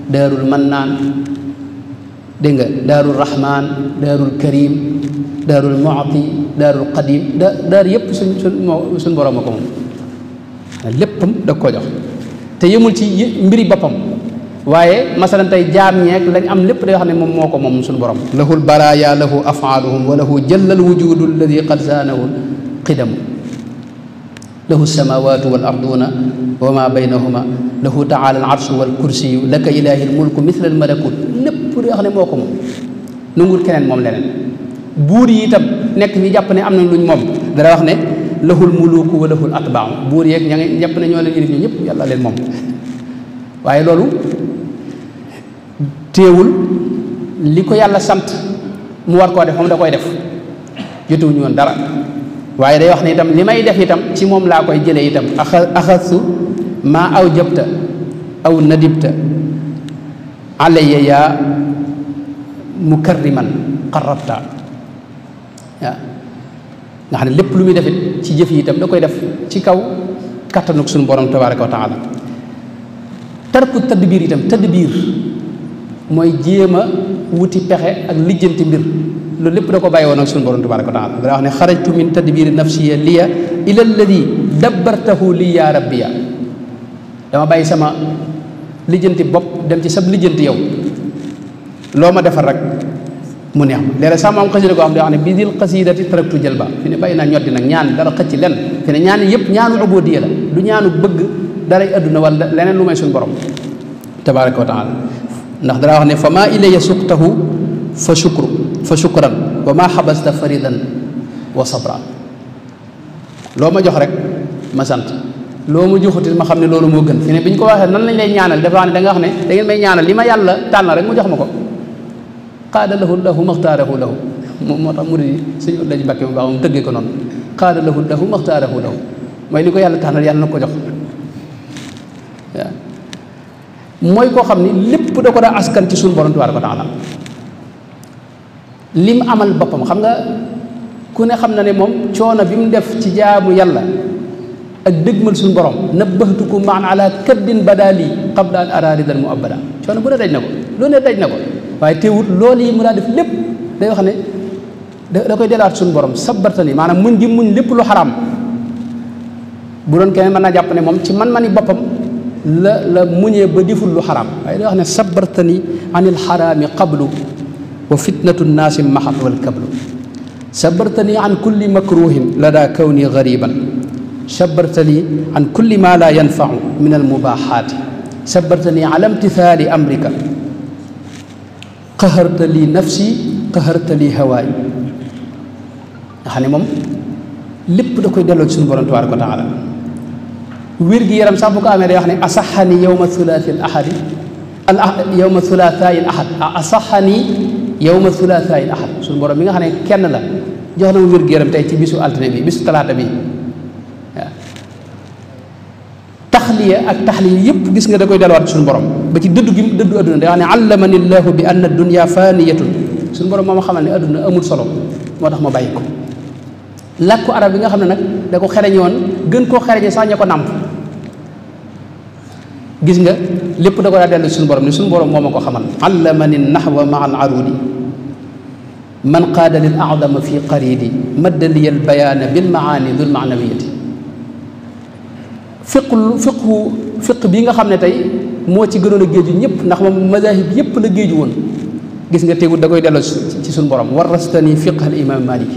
daarul mannaan dégg nga daaru rahmaan daarul karim daarul muati daarul qadim da daar yëpp suñ suñ moo suñ a ko te yemul ci mbiri boppam waaye masalan tey jaam ñeeg lañ am lépp dayoo xam ne moom moo ko moom suñu borom lahul baraya lahu afaaluhum wa lahu jëllal wujudu alladi qad saanahu qidamu lahu lsamawatu wal arduna wa ma baynahuma lahu taala al arshu wal kursiyu laka ilahi l mulku mithla al malakut lépp dayoo xam ne moo ko moom nungul keneen moom leneen buur yi itam nekk ñu jàpp ne am nañ luñ moom dara wax ne lahul muluku wa lahul atbaaw buur yeeg ña ngi jàpp ne ñoo leen yilif ñu ñëpp yàlla leen moom waaye loolu téewul liko yàlla sante mu war ko def mom da koy def jottu ñu won dara waye day wax ni itam limay def itam ci mom la koy jëlé itam akhasu ma awjabta aw nadibta alayya ya mukarriman qarrabta ya nga xam lépp lu muy def ci jëf yi itam da koy def ci kaw katanuk sun borom tabaaraku taala tarku tadbir itam tadbir mooy jéem a wuti pexe ak lijjanti mbir loolu lépp da ko bàyyi woon ak suñu borom tabaraka wa taala da wax ne xarajtu min tadbiri nafsiya liya ila alladi dabbartahu li ya rabbiya dama sama lijjanti bopp dem ci sab lijjanti yow loo ma defar rek mu neex ma léeg-léeg sax moom xasida koo xam ne wax ne bi dil xasidati taraktu jëlba fi ne bàyyi naa ñoddi nag ñaan dara xëcc len fi ne ñaan yëpp ñaanu ubodiya la du ñaanu bëgg daray adduna wala leneen lu may suñu borom tabaraka wa taala ndax danaa wax ne fa maa ilaya suqtahu fa shukru fa shukran wa maa xabasta faridan wa sabra loo ma jox rek ma sant loo ma joxuti ma xam ne loolu moo gën fi ne bi ñu ko waxee nan lañ lay ñaanal dafa ne da nga wax ne da ngeen may ñaanal li ma yàlla tànn rek mu jox ma ko qaada lahu lahu maxtaarahu lahu moom moo tax murid yi suñu lañ mbàkke mu baax moom tëggee ko noonu qaada lahu lahu maxtaarahu lahu mooy li ko yàlla tànnal yàlla na ko jox mooy koo xam ni lépp da ko daa askan ci suñu borom tabaaraka wa taala lim amal boppam xam nga ku ne xam na ne moom coono bi mu def ci jaamu yàlla ak dëgmal suñu borom nabbahtukum maan ala kaddin badali daal an araaridal mu abada coono bu ne daj na ko loolu ne daj na ko waaye teewut loolu yi mu daa def lépp day wax ne da koy delaat suñu borom sabartani maanaam muñ gi muñ lépp lu xaraam bu doon keneen mën naa jàpp ne moom ci man-mani boppam لا لا مني بديف الحرام يعني أنا سبرتني عن الحرام قبل وفتنة الناس محط والكبل سبرتني عن كل مكروه لدى كوني غريبا سبرتني عن كل ما لا ينفع من المباحات سبرتني على امتثال أمرك قهرت لي نفسي قهرت لي هواي يعني مم لب دكوي دلو تسنبرن تبارك وتعالى ويرجي يرم سابق أمر يعني أصحني يوم الثلاثاء الأحد الأح... يوم الثلاثاء الأحد أصحني يوم الثلاثاء الأحد سن برا مين يعني كن لا جهنم ويرجي يرم تأتي بيسو ألتنبي بيسو ثلاثة بي تخلية التخلية يب جسنا ده كوي دلوقتي سن برا بس يدد جيم دد أدنى يعني علمني الله بأن الدنيا فانية سن برا ما ما خمني أدنى أمور سلام ما ده ما بايكو لكو عربي nga xamne nak da ko xereñ won gën ko xereñ sa ñako namp gis nga lépp da ko da del suñu borom ni suñu borom momako xamal allamani nahwa maa al arudi man qada lil adama fi qaridi madda li al bayan bil maani dhul maanawiyati fiqu fiqu fiq bi nga xamne tay mo ci gënoon a géeju ñëpp nak mom mazahib yëpp la geejju won gis nga teewul da koy delo ci suñu borom warastani fiq al imam malik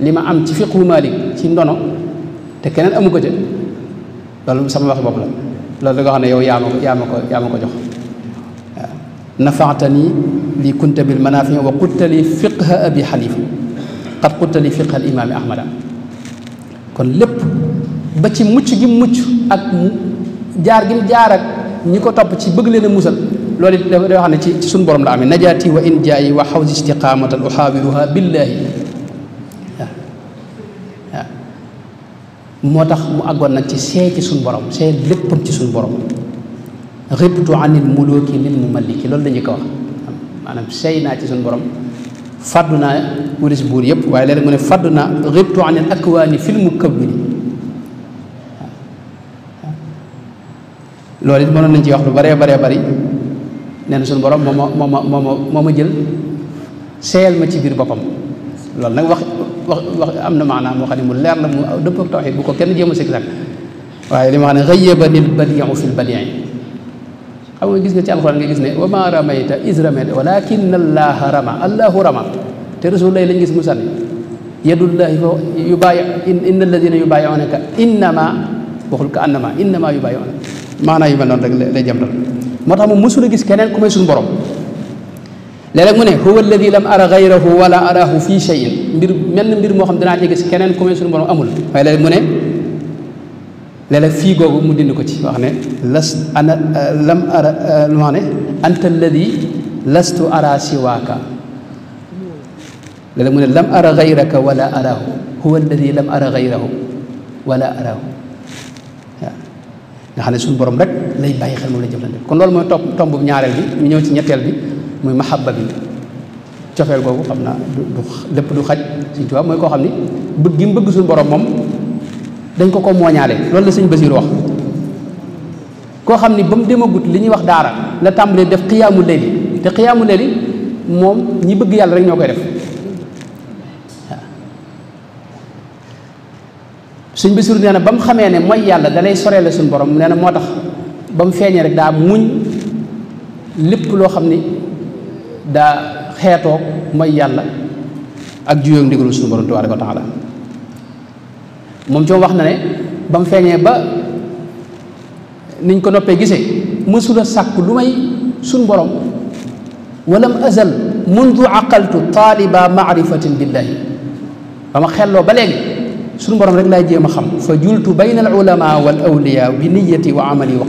lima am ci fiqu malik ci ndono te keneen amu ko je lolum sama wax bop la لولو خا نيو يامو يامو يامو جوخ نفعتني لي كنت بالمنافع وقلت لي فقه ابي حنيفه قد قلت لي فقه الامام احمد كون لب با تي موتش جي موتش اك جار جي جار اك نيكو توب تي بغل لنا موسل لولي دا خا ني تي سون بوروم لا امي نجاتي وان جاي وحوز استقامه احاورها بالله moo tax mu àggoon nag ci see ci suñu borom see léppam ci suñu borom ribtu anil muluki lil mumalliki loolu la ñu ko wax maanaam seey naa ci suñu borom fàddu naa wulis buur yëpp waaye léeg-léeg mu ne fàddu naa ribtu anil akwaani fil mukawwini loolu it mënoon nañ ci wax lu baree baree bari nee na suñu borom moo ma moo ma moo ma jël seyal ma ci biir boppam loolu nag wax wax wax am na maanaam moo xam mu leer la mu dëpp ak tawxid ko kenn jéem a sikk sàkk waaye li ma xam ne xëyyabanil badiu fi l badii xam nga gis nga ci alxuraan nga gis ne wa ma ramayta is ramayta walakin allaaha rama allaahu rama te rasulullahi lañ gis mu sànni yadullahi fa yubaayi inna alladina yubaayiunaka innama waxul ka annama innama yubaayiunaka maanaam yu mel noonu rek lay jëm moo tax mu mësul a gis keneen ku may suñu borom léeg-léeg mu ne huwa alladi lam ara gayrahu wala arahu fi cheyin mbir mel na mbir moo xam dinaa ci gis keneen ku mel suñu borom amul waaye léeg-léeg mu ne léeg-léeg fii googu mu dindi ko ci wax ne las ana lam ara lu wax ne anta alladi lastu ara siwaaka léeg-léeg mu ne lam ara gayraka wala arahu huwa alladi lam ara gayrahu wala arahu waaw nga xam ne suñu borom rek lay bàyyi xel moom lay jëflante kon loolu mooy topp tomb ñaareel bi ñu ñëw ci ñetteel bi muy mahabba bi cofeel googu xam naa du lépp du xaj Sëñ Tuubaa mooy koo xam ni bëgg gi mu bëgg borom moom dañ ko ko mooñaale lool la sëñ Basiir wax koo xam ni ba mu demagut li ñuy wax daara la tàmbalee def xiyaamu layli te xiyaamu layli moom ñi bëgg yàlla rek ñoo koy def suñ sëñ Basiir nee na ba mu xamee ne mooy yàlla dalay soree la suñ borom nee na moo tax ba mu feeñee rek daa muñ lépp loo xam ni daa xeetoog may yàlla ak juyoog ndigalu suñu borom tabaaraka wa taala moom ci wax na ne ba mu ba niñ ko noppee gisee mësula sàkk lu may borom walam azal mundu aqaltu taaliba maarifatin billahi ba ma xelloo ba léegi suñu borom rek laay jéem a xam fa jultu ulama wal awliya bi wa amali wa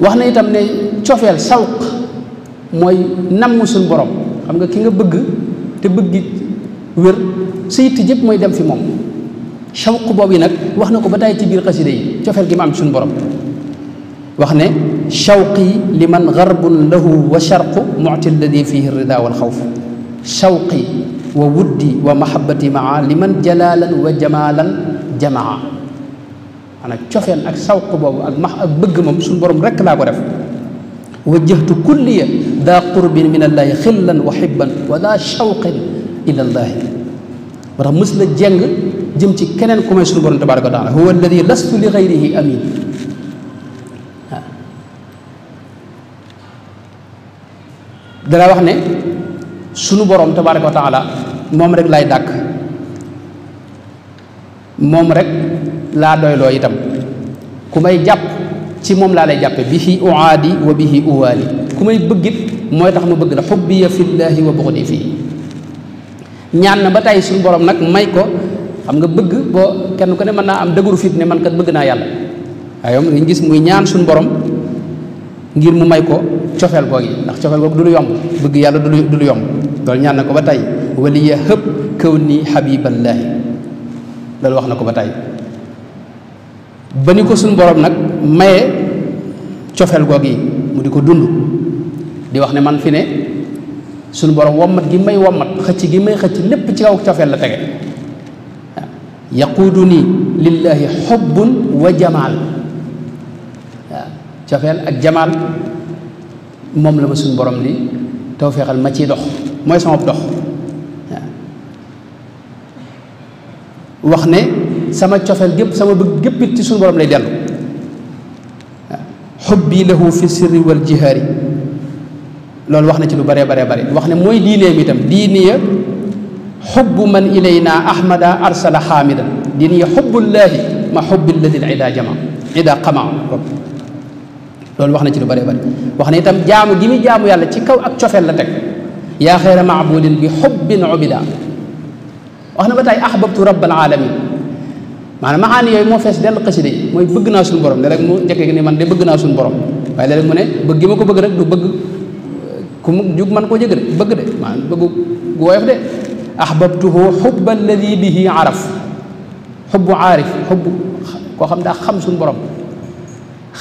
waxna itam ne ciofel sawq moy namm suñ borom xam nga ki nga bëgg te bëgg wér sa yitt jëpp mooy dem fi mom shawq bobu nak waxna ko ba ci bir qasida yi ciofel gi ma am suñ borom waxne shawqi liman gharbun lahu wa sharq muti alladi fihi wal khawf shawqi wa wuddi wa mahabbati maa liman jalalan wa jamalan jamaa أنا شوفين أك سوق بابو أك مح بق مم سون برم رك لا قرف وجهت كلية ذا قرب من الله خلا وحبا ولا شوق إلى الله برا مسل جنگ جمتي كنن كما سون برم تبارك وتعالى هو الذي لست لغيره أمين دلا وخني سون برم تبارك وتعالى مام رك لاي داك مام رك laa doyloo itam ku may jàpp ci moom laa lay jàppe bihi uaadi wa bihi uwaali ku may bëggit mooy tax ma bëgg la xubbiya fillaahi wa buxdi fii ñaan na ba tey suñu borom nag may ko xam nga bëgg boo kenn ko ne mën naa am dëgëru fit ne man kat bëgg naa yàlla waaye moom dañu gis muy ñaan suñu borom ngir mu may ko cofeel googu ndax cofeel googu du lu yomb bëgg yàlla du lu yomb loolu ñaan na ko ba tey waliya hëb kaw nii xabiballaahi loolu wax na ko ba tey bani ko sun borom nak maye ciofel goog yi mu di ko dund di wax ne man fi ne sun borom womat gi may womat xecc gi may xecc lepp ci kaw ciofel la tege yaquduni lillahi hubbun wa jamal ciofel ak jamal mom la ma sun borom di tawfiqal ma ci dox moy sama dox wax sama cofeel gépp sama bëgg géppit ci suñu borom lay dellu xubbi lahu fi sirri wal jihaari loolu wax na ci lu bare bare bare wax ne mooy diineem itam diine ya xubbu man ilayna ahmada arsala xaamidan diine ya xubbullaahi ma xubbi alladi ida jamaa ida qamaa loolu wax na ci lu bare bare wax ne itam jaamu gi muy jaamu yàlla ci kaw ak cofeel la teg yaa xayra maabudin bi xubbin ubida wax na ba tey ahbabtu rabbal alamin maanaam maxaani yooyu moo fees dell xasida yi moy bëgg na suñu borom léeg-léeg mu ñëk ni man de bëgg na suñu borom way la rek mu ne bëgg gi mako bëgg rek du bëgg ku mu jug man ko jëgg de bëgg de man bëgg gu wayef de ahbabtuhu xubba alladi bihi araf hubbu arif hubbu ko xam da xam suñu borom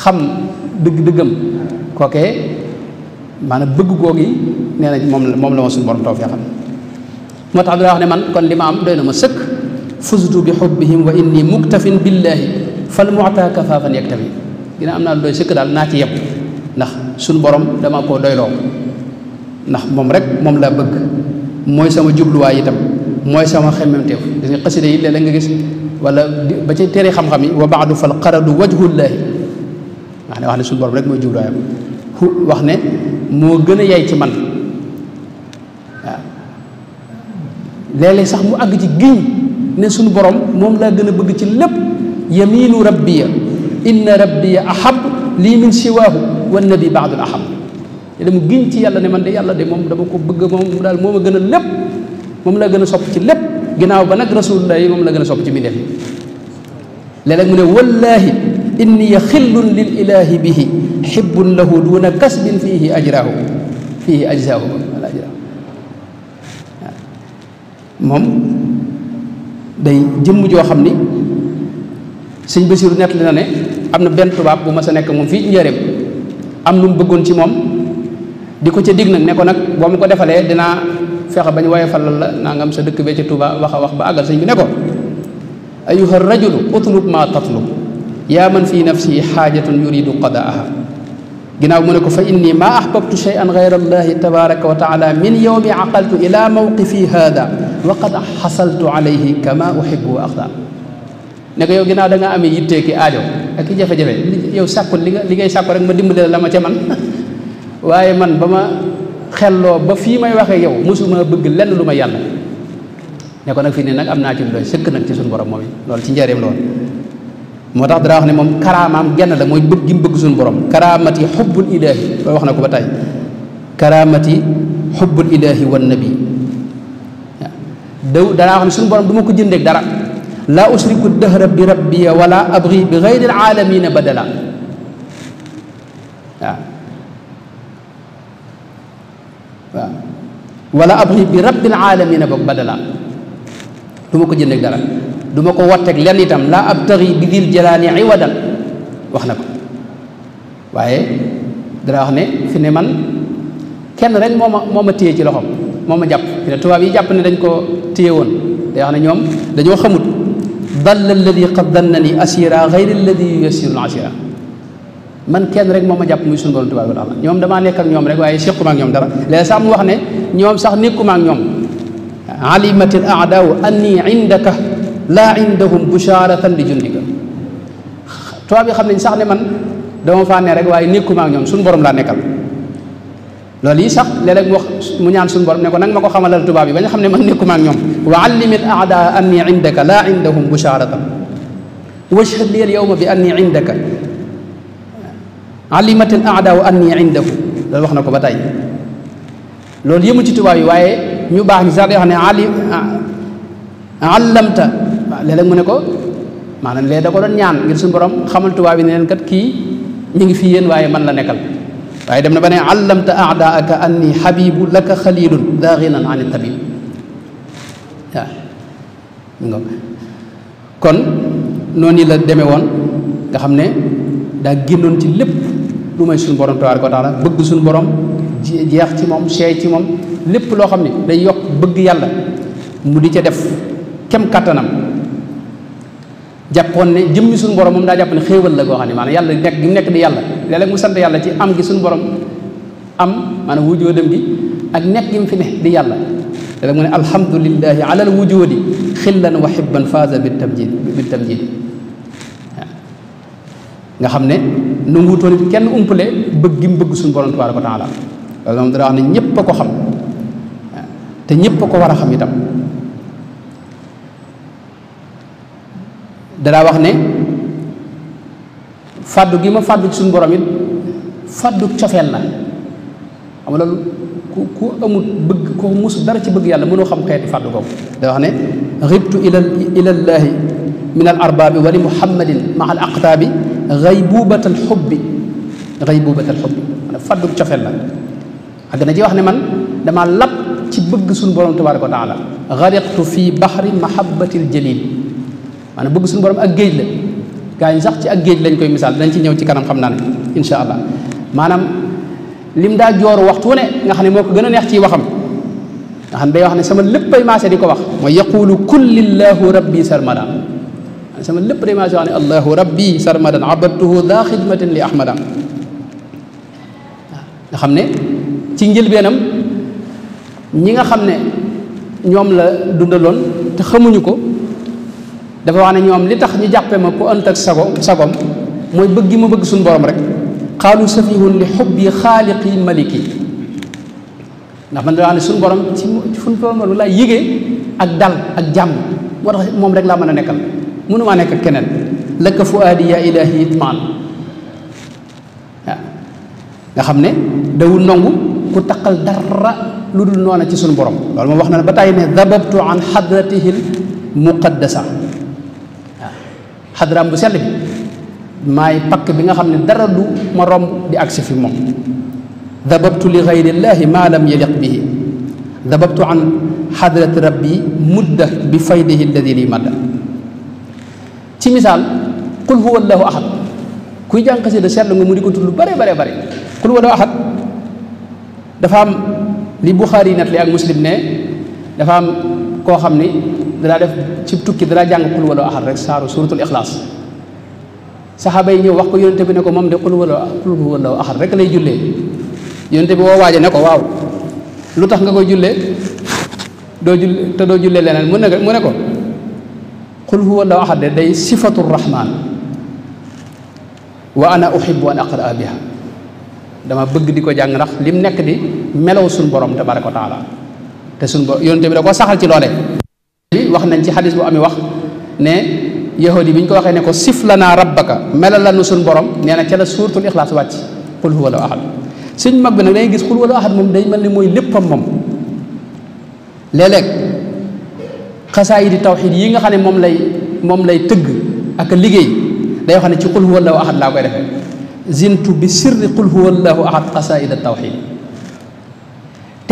xam deug deugam ko ke man bëgg gogi neena mom na moom la suñu borom taw fee xam moo tax wax ne man kon li ma am doyna ma sekk فزت بحبهم واني مكتف بالله فالمعطى كفافا يكتفي غينا امنا لوي سيك دال ناتي ييب ناخ سون بوروم داما كو دويلو ناخ موم رك موم لا بك موي سما جوبلو واي تام موي سما خممتيف دي قصيده يي لا نغيس ولا با تي تري خم خمي وبعد فالقرد وجه الله معنى واخني سون بوروم رك موي جوبلو واي واخني مو غنا ياي تي مان لا لا صاح مو اغ تي ne sun borom mom la gëna bëgg ci lépp yaminu rabbi in rabbi ahab li min siwahu wan nabi baadul ahab da mu giñ ci yàlla ne man de yàlla de mom dama ko bëgg mom daal moom a gën lépp mom la gëna sopp ci lépp ginaaw ba nak rasulullah mom la gëna sopp ci mi def le nak mu ne wallahi inni yakhillu lil ilahi bihi xibbun lahu duna kasbin fihi ajraahu fiihi ajzaahu mom day jëm joo xam ni sëñ Basiru nettali na ne am na benn tubaab bu ma sa nekk moom fii njëreem am lu mu bëggoon ci moom di ko ca dig nag ne ko nag boo ma ko defalee dinaa fexe bañ woye la nangam sa dëkk bee ci tuba waxa wax ba àggal sëñ bi ne ko ayuha rajulu utlub ma tatlub yaa man fi nafsi xaajatun yuridu qadaaha ginaaw mu ne ko fa inni ma ahbabtu shay'an gayra allahi tabaraka wa taala min yawmi aqaltu ila mawqifi hada waqad xasaltu alayhi kama uhibbu wa axda ne ko yow ginnaaw da nga amee yittee ki aajo ak ki jafe-jafe yow sàkku li nga li ngay sàkku rek ma dimbali la ma ca man [LAUGHS] waaye man ba ma xelloo ba fii may waxee yow mosuma bëgg lenn lu ma yàlla ne ko nag fii ne nag am naa ci doy sëkk nag ci suñu borom moom loolu ci njëriñam loolu moo tax dara wax ne moom karaamaam genn la mooy bëgg gi mu bëgg suñu borom karaamati xubbul ilaahi loolu wax na ko ba tey karaamati xubbul ilaahi wan nabi daw danaa wax ne suñu borom du ma ko jëndeeg dara laa usriku dëhra bi rabbiya wala abri bi gayri alamina badala waaw waaw wala abri bi rabbil alamina ba badala du ma ko jëndeeg dara du ma ko watteeg lenn itam laa abtari bi dil jalaani iwadan wax na ko waaye danaa wax ne fi ne man kenn rek moo ma moo ma téye ci loxom moma jàpp fi ne tubaab yi jàpp ne dañ ko téye woon day wax ne ñoom dañoo xamut dal alladi qaddanani asira gayri alladi yasiru asira man kenn rek moma jàpp muy sunu borom tubaab bi Allah ñom dama nek ak ñom rek waye séquma ak ñom dara le sa mu wax ne ñom sax nekkuma ak ñom alimat al aadaau anni indaka la indahum busharatan li jundika tubaab yi xam nañ sax ne man dama fa ne rek waye nekkuma ak ñom sunu borom la nekkal loolu yi sax léeg mu wax mu ñaan suñu borom ne ko nag ma ko xamalal tubaab yi ba ñu xam ne man nekkuma ak ñoom wa allimi al aadaa anni indaka laa indahum busharatan washhad li al yawma bi anni indaka wax na ko ba tey loolu yëmu ci tubaab yi waaye ñu baax ñi sax day wax ne ali allamta waaw léeg-léeg mu ne ko maanaam léeg ko doon ñaan ngir suñu borom xamal tubaab yi ne leen kat kii mi ngi fi yéen waaye man la nekkal waaye dem na ba ne allamta aadaaka anni xabibu laka xalilun daa ginan ani tabib waaw kon noonu la demee woon nga xam ne daa génnoon ci lépp lu may suñu borom tabaaraka wa taala bëgg suñu borom jeex ci moom seey ci moom lépp loo xam ne day yokk bëgg yàlla mu di ca def kem kàttanam jàppoon jëmmi suñu borom mom da jàpp ne xéewal la go xamni man yàlla nek gi nek di yalla lélé mu sant yàlla ci am gi suñu borom am maanaam wujudam gi ak nek gi fi ne di yàlla mu ne alhamdulillahi ala wujudi khillan wa xibban faza bi tamjid bi tamjid nga xamne nu ngutoni kenn umpulé bëgg gi mu bëgg suñu borom tabaraka taala loolu dara ne ñëpp ko xam te ñëpp ko wara xam itam dara wax ne fàddu gi ma fàddu suñu borom it fàddu cofeel la am lool ku ku amut bëgg ko mus dara ci bëgg yàlla mënoo xam xeeti fàddu ko da wax ne ribtu ila ila ilallahi min al arbab wa li muhammadin ma al aqtab gaybubat al hubb gaybubat al hubb ana fàddu cofeel la ak na ci wax ne man dama lab ci bëgg sun borom tabaraka taala ghariqtu fi bahri mahabbati al jalil maanaam bëgg suñu borom ak géej la gaa ñi sax ci ak géej lañ koy misaal dañ ci ñëw ci kanam xam naa ne incha allah maanaam lim daa joor waxtu ne nga xam ne moo ko gën a neex ci waxam nga day wax ne sama léppay maase di ko wax mooy yaqulu kullillahu rabbi sarmadan sama lépp day maase wax ne allahu rabbi sarmadan abadtuhu daa xidmatin li ahmadan nga xam ne ci njëlbeenam ñi nga xam ne ñoom la dundaloon te xamuñu ko dafa wax ne ñoom li tax ñu jàppe ma ku ënt ak sago sagom mooy bëgg gi ma bëgg suñu borom rek xaalu safihun li xubbi xaaliqi maliki ndax man daa ne suñu borom ci ko mënu laa yëgee ak dal ak jàmm moo tax moom rek laa mën a nekkal mënumaa nekk keneen lakka fuaadi ya ilahi itmaan nga xam ne dawul nongu ku taqal dara lu dul noona ci suñu borom loolu moom wax na ne ba tàyyi ne dababtu an xadratihi al muqaddasa xadraam bu sell bi pakk bi nga xam ne dara du ma romb di agsi fi moom dababtu li gayrillaahi maa lam yaliq bihi dababtu an xadrati rabbi mudda bi faydihi alladi li madda ci misaal qul huwa allahu ahad kuy jàng xasida seetlu nga mu di ko tudd lu bare bare bare qul huwa allahu ahad dafa am li buxaari net li ak muslim ne dafa am koo xam ni danaa def ci tukki danaa jang kul wala ahad rek saaru suratul ikhlas sahabay yi wax ko yoonte bi ne ko mom de kul wala kul wala ahad rek lay julle yoonte bi wo waaje ne ko waaw lutax nga ko julle do jull te do julle leneen mu ne mu ne ko kul wala ahad de day sifatu rahman wa ana uhibbu an aqra biha dama bëgg di jang nak lim nek di melaw sun borom tabaraka taala te sun bo yonente bi da ko saxal ci lolé wax nañ ci hadith bu amé wax ne yahudi biñ ko waxé ne ko siflana rabbaka melal la suñ borom nee na ca la suuratul ixlaas wàcc qul huwa la ahad suñ mag bi nak day gis qul huwa la ahad moom day melni moy léppam mom léeg-léeg tawhid yi nga xamné mom lay mom lay teug ak liggéey day wax ne ci qul huwa la ahad laa koy defé zintu bi sirri qul huwa la ahad xasaayid tawhid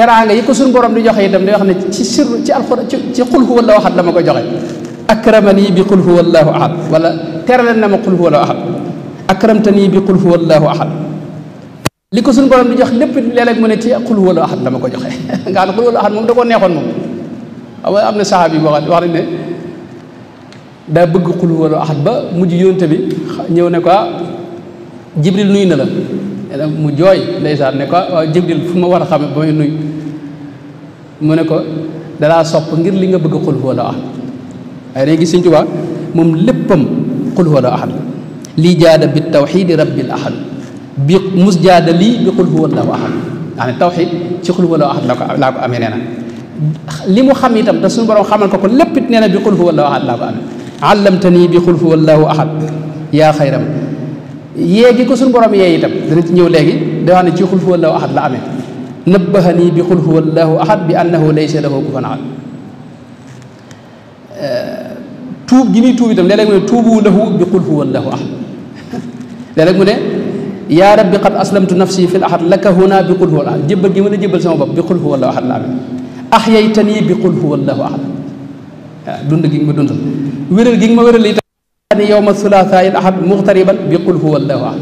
teraanga yi ko suñ borom di joxe itam di wax ne ci sir ci alxuraan ci ci qul huwa allahu ahad ko joxe akramani bi qul huwa allahu wala teralen na ma qul huwa allahu ahad akramtani bi qul huwa allahu li ko suñu borom di jox lépp léeg-léeg mu ne ci qul huwa allahu dama ko joxe [LAUGHS] nga xam ne qul huwa allahu ahad moom da koo neexoon moom am na saxaab yi boo wax nañ ne daa bëgg qul huwa allahu ba mujj yónte bi ñëw ne ko ah, jibril nuyu na la mu joy ndeysaan ne ko jibril fuma wara xam bo nuy mu ne ko da la sop ngir li nga bëgg xul ho la ahad ay dañuy gi Sëñ Tuubaa mom léppam xul huwa la ahad li jada bit tawhid rabbil ahad bi musjada li bi xul huwa la ahad ndax tawhid ci xul huwa la ahad la ko laa ko amee nee na li mu xam itam da suñu borom xamal ko ko lépp it bi xul huwa la ahad la ko amé allamtani bi xul huwa llahu ahad yaa xayram yée gi ko suñu borom yee tam dana ci ñëw léegi da wax ne ci xul huwallahu ahad la amee nabbahani bi xul huwallahu ahad bi annahu laysa lahu kufuwan ahad euh, tuub gi muy tuub itam léeg-léeg mu ne tuubu lahu bi xul huwallahu ahad léeg-léeg mu ne yaa rabbi qad aslamtu nafsi fi l ahad laka huna bi xul huwal ahad jébbal gi mën a jébbal sama bopp bi xul huwallahu ahad la amee ahyaytani bi xul huwallahu ahad waaw dund gi nga ma dundal wéral gi nga ma wéral يوم الثلاثاء الأحد مغتربا بقل هو الله أحد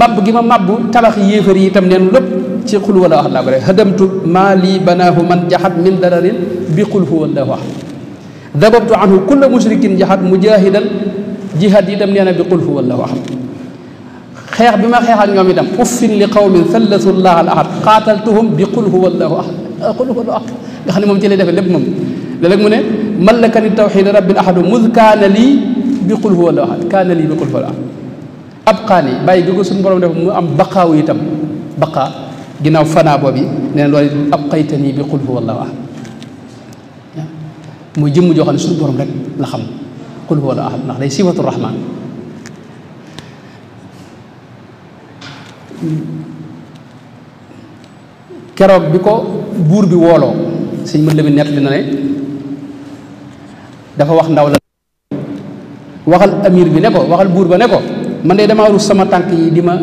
مب جما مب تلاخ ييفري تام نين لوب تي قل هو الله احد هدمت ما لي بناه من جحد من ضرر بقل هو الله أحد ذببت عنه كل مشرك جحد مجاهدا جهادي تام نين بقل هو الله أحد خير بما خير عن يوم دم أف لقوم ثلثوا الله الأحد قاتلتهم بقل هو الله أحد قل هو الله أحد خاني مومتي لي ديف لب موم مم لذلك من ملكني التوحيد رب الأحد مذ كان لي بقل هو الأحد كان لي بقل هو الأحد abqaani bàyyi gi ko suñu borom def mu am baqaawu itam baqaa ginnaaw fanaa boobu nee na loolu abqaytani bi qul huwa allahu ahad muy jëmm joo xam ne suñu borom rek la xam qul huwa allahu ahad ndax day sifatu rahman keroog bi ko buur bi wooloo sëñ mën la mi nett li na ne dafa wax ndaw la waxal amir bi ne ko waxal buur ba ne ko man de damaa rus sama tànk yi di ma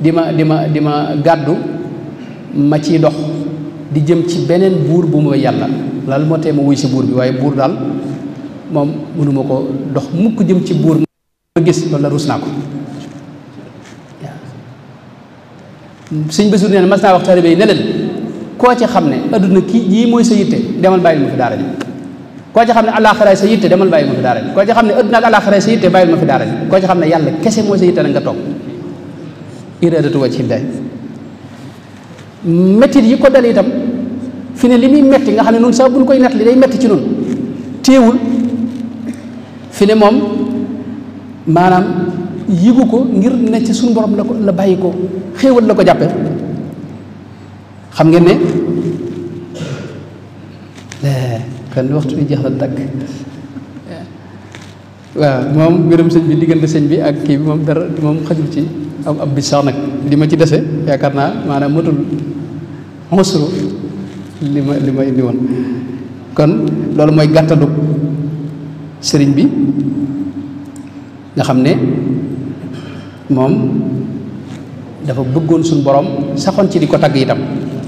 di ma di ma di ma gàddu ma ciy dox di jëm ci beneen buur bu ma yàlla lal moo tee ma wuy si buur bi waaye buur daal moom mënuma ko dox mukk jëm ci buur ma gis loolu la rus naa ko sëñ Basiru nee mas naa wax taalibe yi ne koo ci xam ne adduna kii yii mooy sa yitte demal bàyyi ma fi daara ji koo ci xam ne àllaaxira sa yitte demal bàyyi ma fi daara ji koo ci xam ne adduna ak àllaaxira sa yitte bàyyil ma fi daara ji koo ci xam ne yàlla kese mooy sa yitte nag nga toog iradatu wa ci day mettit yi ko dal itam fi ne li muy metti nga xam ne noonu sax buñ koy nett li day metti ci noonu téewul fi ne moom maanaam yigu ko ngir ne ci suñu borom la ko la bàyyi ko xéewal la ko jàppe xam ngeen ne kan waxtu ya. kan bi jeex na wa mom moom mbirum sëñ bi diggante mom bi ak kii bi moom dara moom xajul ci am ab bis sax lima li ma ci dese yaakaar naa maanaam matul xosru li indi ciri kon loolu mooy gàttalu sëriñ bi nga xam ne moom dafa bëggoon borom saxoon ci di ko tagg itam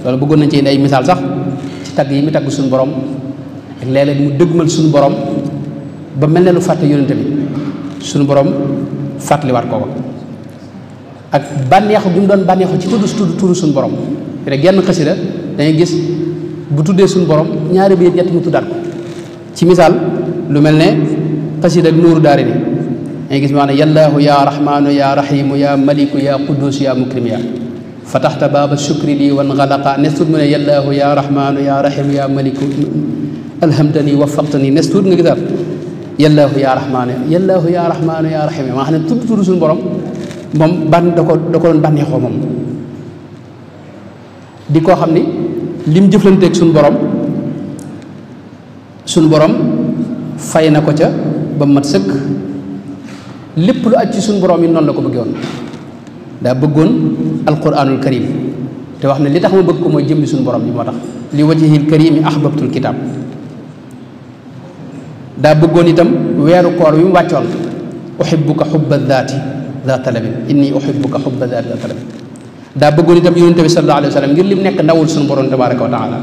loolu bëggoon nañ ci ay misaal sax ci borom ak léeg mu dëgmal suñu borom ba mel ne lu fàtte yonent bi suñu borom fàttaliwaat ko ak bànneexu bi mu doon bànneexu ci tudd tudd tudd suñu borom rek genn xasida dangay gis bu tuddee suñu borom ñaari bi ñett mu tuddaat lu mel ne xasida ak nuuru daari ni gis maanaam yallaahu yaa rahmaanu yaa rahimu yaa maliku yaa quddus yaa mukrim yaa fataxta baaba shukri lii wan xalaqa ne sut mu ne yallaahu yaa rahmaanu yaa rahimu yaa maliku ألهمتني وفقتني نستود نقدر Ya هو يا رحمن ya هو يا رحمن يا رحيم ما حنا تود تود سن بروم موم بان داكو داكو دون بانيخو موم ديكو خامني لم جفلنتك سن بروم سن بروم fay na ko ca ba mat sëkk lépp lu aj ci suñ borom yi noonu la ko alquranul karim te li tax ma bëgg ko mooy jëmbi suñ borom yi li wajihil karimi ahbabtul kitab da bëggoon itam weeru koor wi mu wàccoon uhibbuka hubba daati daa talabin inni uhibbuka hubba daati daa talabin da bëggoon itam yonente bi sallallahu alayhi wa sallam ngir lim nekk ndawul suñu borom tabaraka wa taala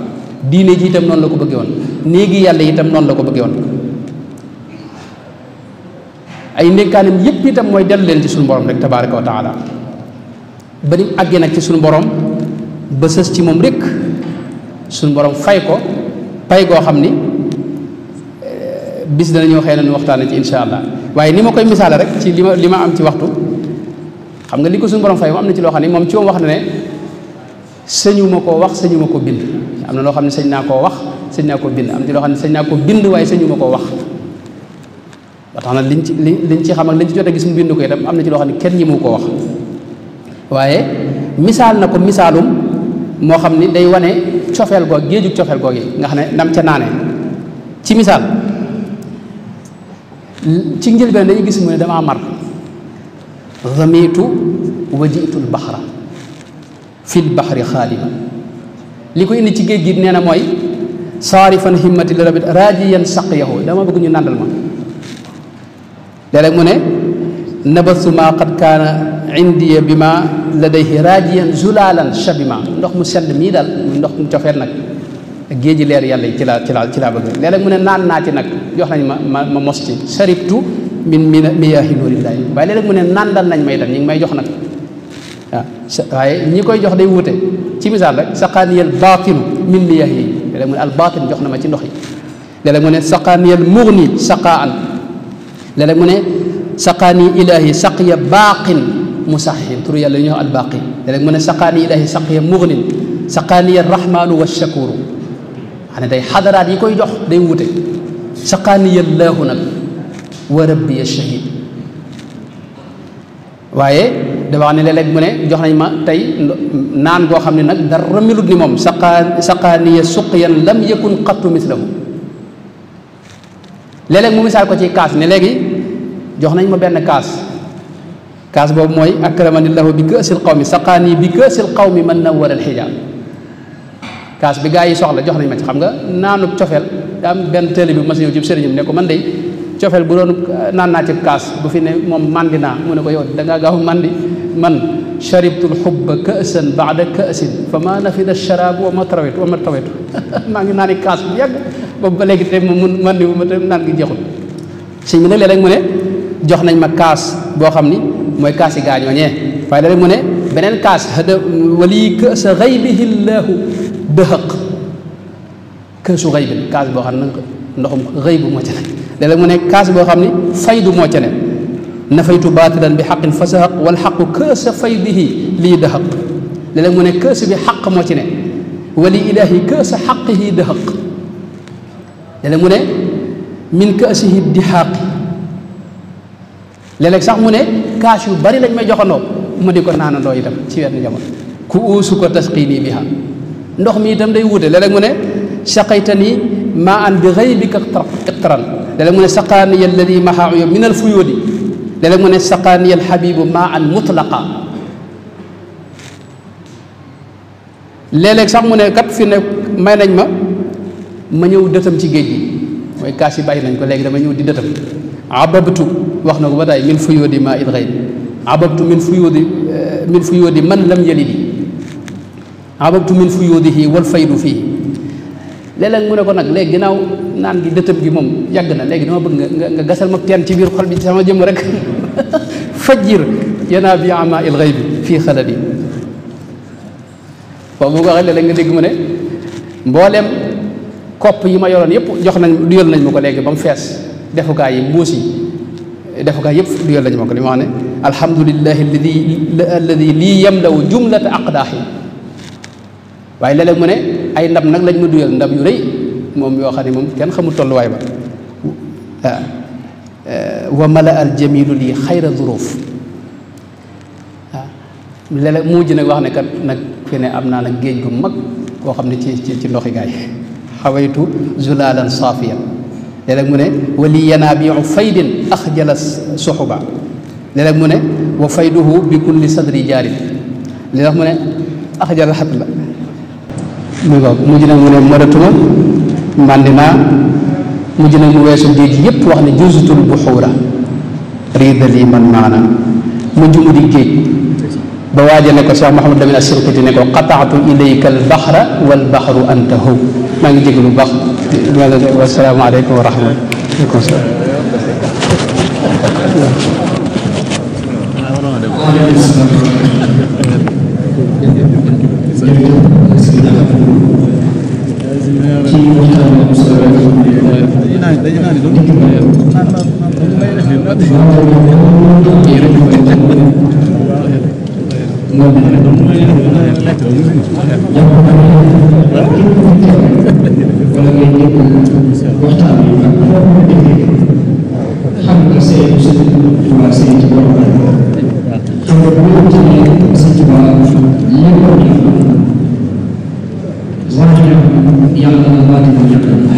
diine ji itam noonu la ko bëggee woon néegi yàlla itam noonu la ko bëggee woon ay ndénkaanam yépp itam mooy dellu leen ci suñu borom rek tabaraka wa taala ba ni àggee nag ci suñu borom ba sës ci moom rek suñu borom fay ko pay goo xam ni bis dana ñëw xëy na ñu waxtaane ci insha allah waaye ni ma koy misaale rek ci li ma li ma am ci waxtu xam nga li ko suñu borom fay am na ci loo xam ne moom ci moom wax na ne ma koo wax sëñu ma ko bind am na loo xam ne sëñ naa koo wax sëñ naa ko bind am ci loo ne sëñ naa ko bind waaye sëñu ma koo wax tax na liñ ci liñ ci xam ak liñ jot a gis mu bind ko am na ci loo xam ne kenn ñi mu koo wax waaye misaal na ko misaalum moo xam ni day wane cofeel googu géejug cofeel googu yi nga xam ne ndam ca naanee ci misaal ci njëlbeen dañuy gis mu ne damaa mar zamitu wajitul baxra fil baxri xaalima li ko indi ci géej gi nee na mooy saarifan himmati li rabit raajiyan saqiyahu dama bëgg ñu nàndal ma léeg-léeg mu ne nabasu maa qad kaana indiya bi ma ladayhi raajiyan zulaalan shabima ndox mu sedd mii daal ndox mu cofeet nag géeji leer yàlla ci laa ci laa ci laa bëgg léeg-léeg mu ne naan naa nag jox nañ ma ma ma mos ci saribtu min min miyaahi nuurillaahi waaye léeg-léeg mu ne naan dal nañ may itam ñu ngi may jox nag waaw waaye ñi koy jox day wuute ci misaal rek saqaaniyal baatinu min miyaahi yi léeg-léeg mu ne al baatin jox na ma ci ndox yi léeg-léeg mu ne saqaaniyal mugni saqaan léeg-léeg mu ne saqaani yàlla yu ñuy wax al baaqi léeg-léeg mu ne saqaani ilaahi saqiya mugnin saqaaniya rahmaanu wa shakuru xane tey xadaraat yi koy jox day wute saqaaniyallaahu nag wa rabbiya shahid waaye dafa wax ne léeg-léeg mu ne jox nañ ma tey naan goo xam ne nag dara melut ni moom saqaa saqaaniya suqiyan lam yakun qattu mislahu léeg-léeg mu misaal ko ci kaas ne léegi jox nañ ma benn kaas kaas boobu mooy akramanillahu bi kaasil qawmi saqaani bi kaasil qawmi man nawwara alxijaab kaas bi gaa yi soxla jox nañ ma ci xam nga naanu cofeel da am benn télé bi ma si ñëw ci sëriñam ne ko man de cofeel bu doon eh, naan naa ci kaas bu fi ne moom mandi naa mu ne ko yow da ngaa gaaw mandi man sharibtul xubba kaasan baada kaasin ma ma tarawetu ma tawetu [LAUGHS] maa ngi naani kaas bu yàgg ba léegi te mu mun man ni ma te naan gi jeexul sëñ bi nag léeg mu ne jox nañ ma kaas boo xam ni mooy kaas yi gaañooñee waaye léeg mu ne beneen kaas hada wali kaasa xaybihi llahu dëxëq kësu xëy bi kaas boo xam ne ndoxum xëy bu moo ca ne léeg-léeg mu ne kaas boo xam ne faydu moo ca ne nafaytu baatilan bi xaqin fa saxaq wal xaqu kësa faydihi lii dëxëq léeg-léeg mu ne kës bi xaq moo ci ne wali ilaahi kësa xaqihi dëxëq léeg-léeg mu ne min kësihi dixaaqi léeg-léeg sax mu ne kaas yu bari lañ may joxandoo ma di ko naanandoo itam ci wenn jamono ku uusu ko tasqini biha ndox mi itam day wuté lélé leeg mu ne saqaytani ma an bi ghaibika iqtaran lélé leeg mu ne saqaaniya alladi maxaayo min al fuyudi lélé léeg-léeg mu ne saqaaniya al habib ma an mutlaqa lélé sax mu ne kat fi ne may nañ ma ma ñëw deutam ci geejgi gi mooy kaas yi bàyyi nañ ko légui dama ñëw di deutam ababtu wax na ko ba tey min fuyudi ma idghayb ababtu min fuyudi min fuyudi man lam yalidi عبقت من فيوده والفيد فيه لالك منا كنا لك جناو نان دي دتب جموم يجنا لك نوا بن نع غسل مكتئن تبير خلبي سما جمرك [LAUGHS] فجر ينابي عما الغيب في خلدي فبوغا غل لنج دي كمنه بولم كوب يما يوران يب يخنا ديال نج مكو لك بام فاس دفوكا يبوسي دفوكا يب ديال نج مكو لمانه الحمد لله الذي الذي لي يملأ جملة أقداحي waaye léeg-léeg mu ne ay ndam nag lañ ma duyal ndab yu rëy moom yoo xam ne moom kenn xamul tolluwaay ba waaw wa mala al jamilu lii xayra zuruuf waaw léeg am naa nag géej gu mag ci ci ci ndoxi gaay [LAUGHS] xawaytu zulalan mu ne wali yanaabiu faydin axjala suxuba léeg mu ne wa fayduhu bi kulli sadri jaarin léeg-léeg mu ne axjala xat la muy ngoog mujj na mu ne mënatuma màndi naa mujj na mu weesu géej yépp wax ne jusutul buxuura rida lii man maana mujj mu di géej ba waaja ne ko cheikh mahamad lamin asirqiti ne ko qataatu ilayka albahra walbahru anta hu maa ngi jégalu baax wasalaamu aleykum wa rahmatullah Thank ci waxtaan bu solo rek dañu naan dañu naan lu ñu naan naan lu may def naan yi rek ko def mo bi rek do may def lekk lu ñu japp na wala ngay ñëpp waxtaan bi ak xam nga sey ci tuba sey ci borom xam nga bu ñu ci sey ci borom lépp yang Allah dimuliakan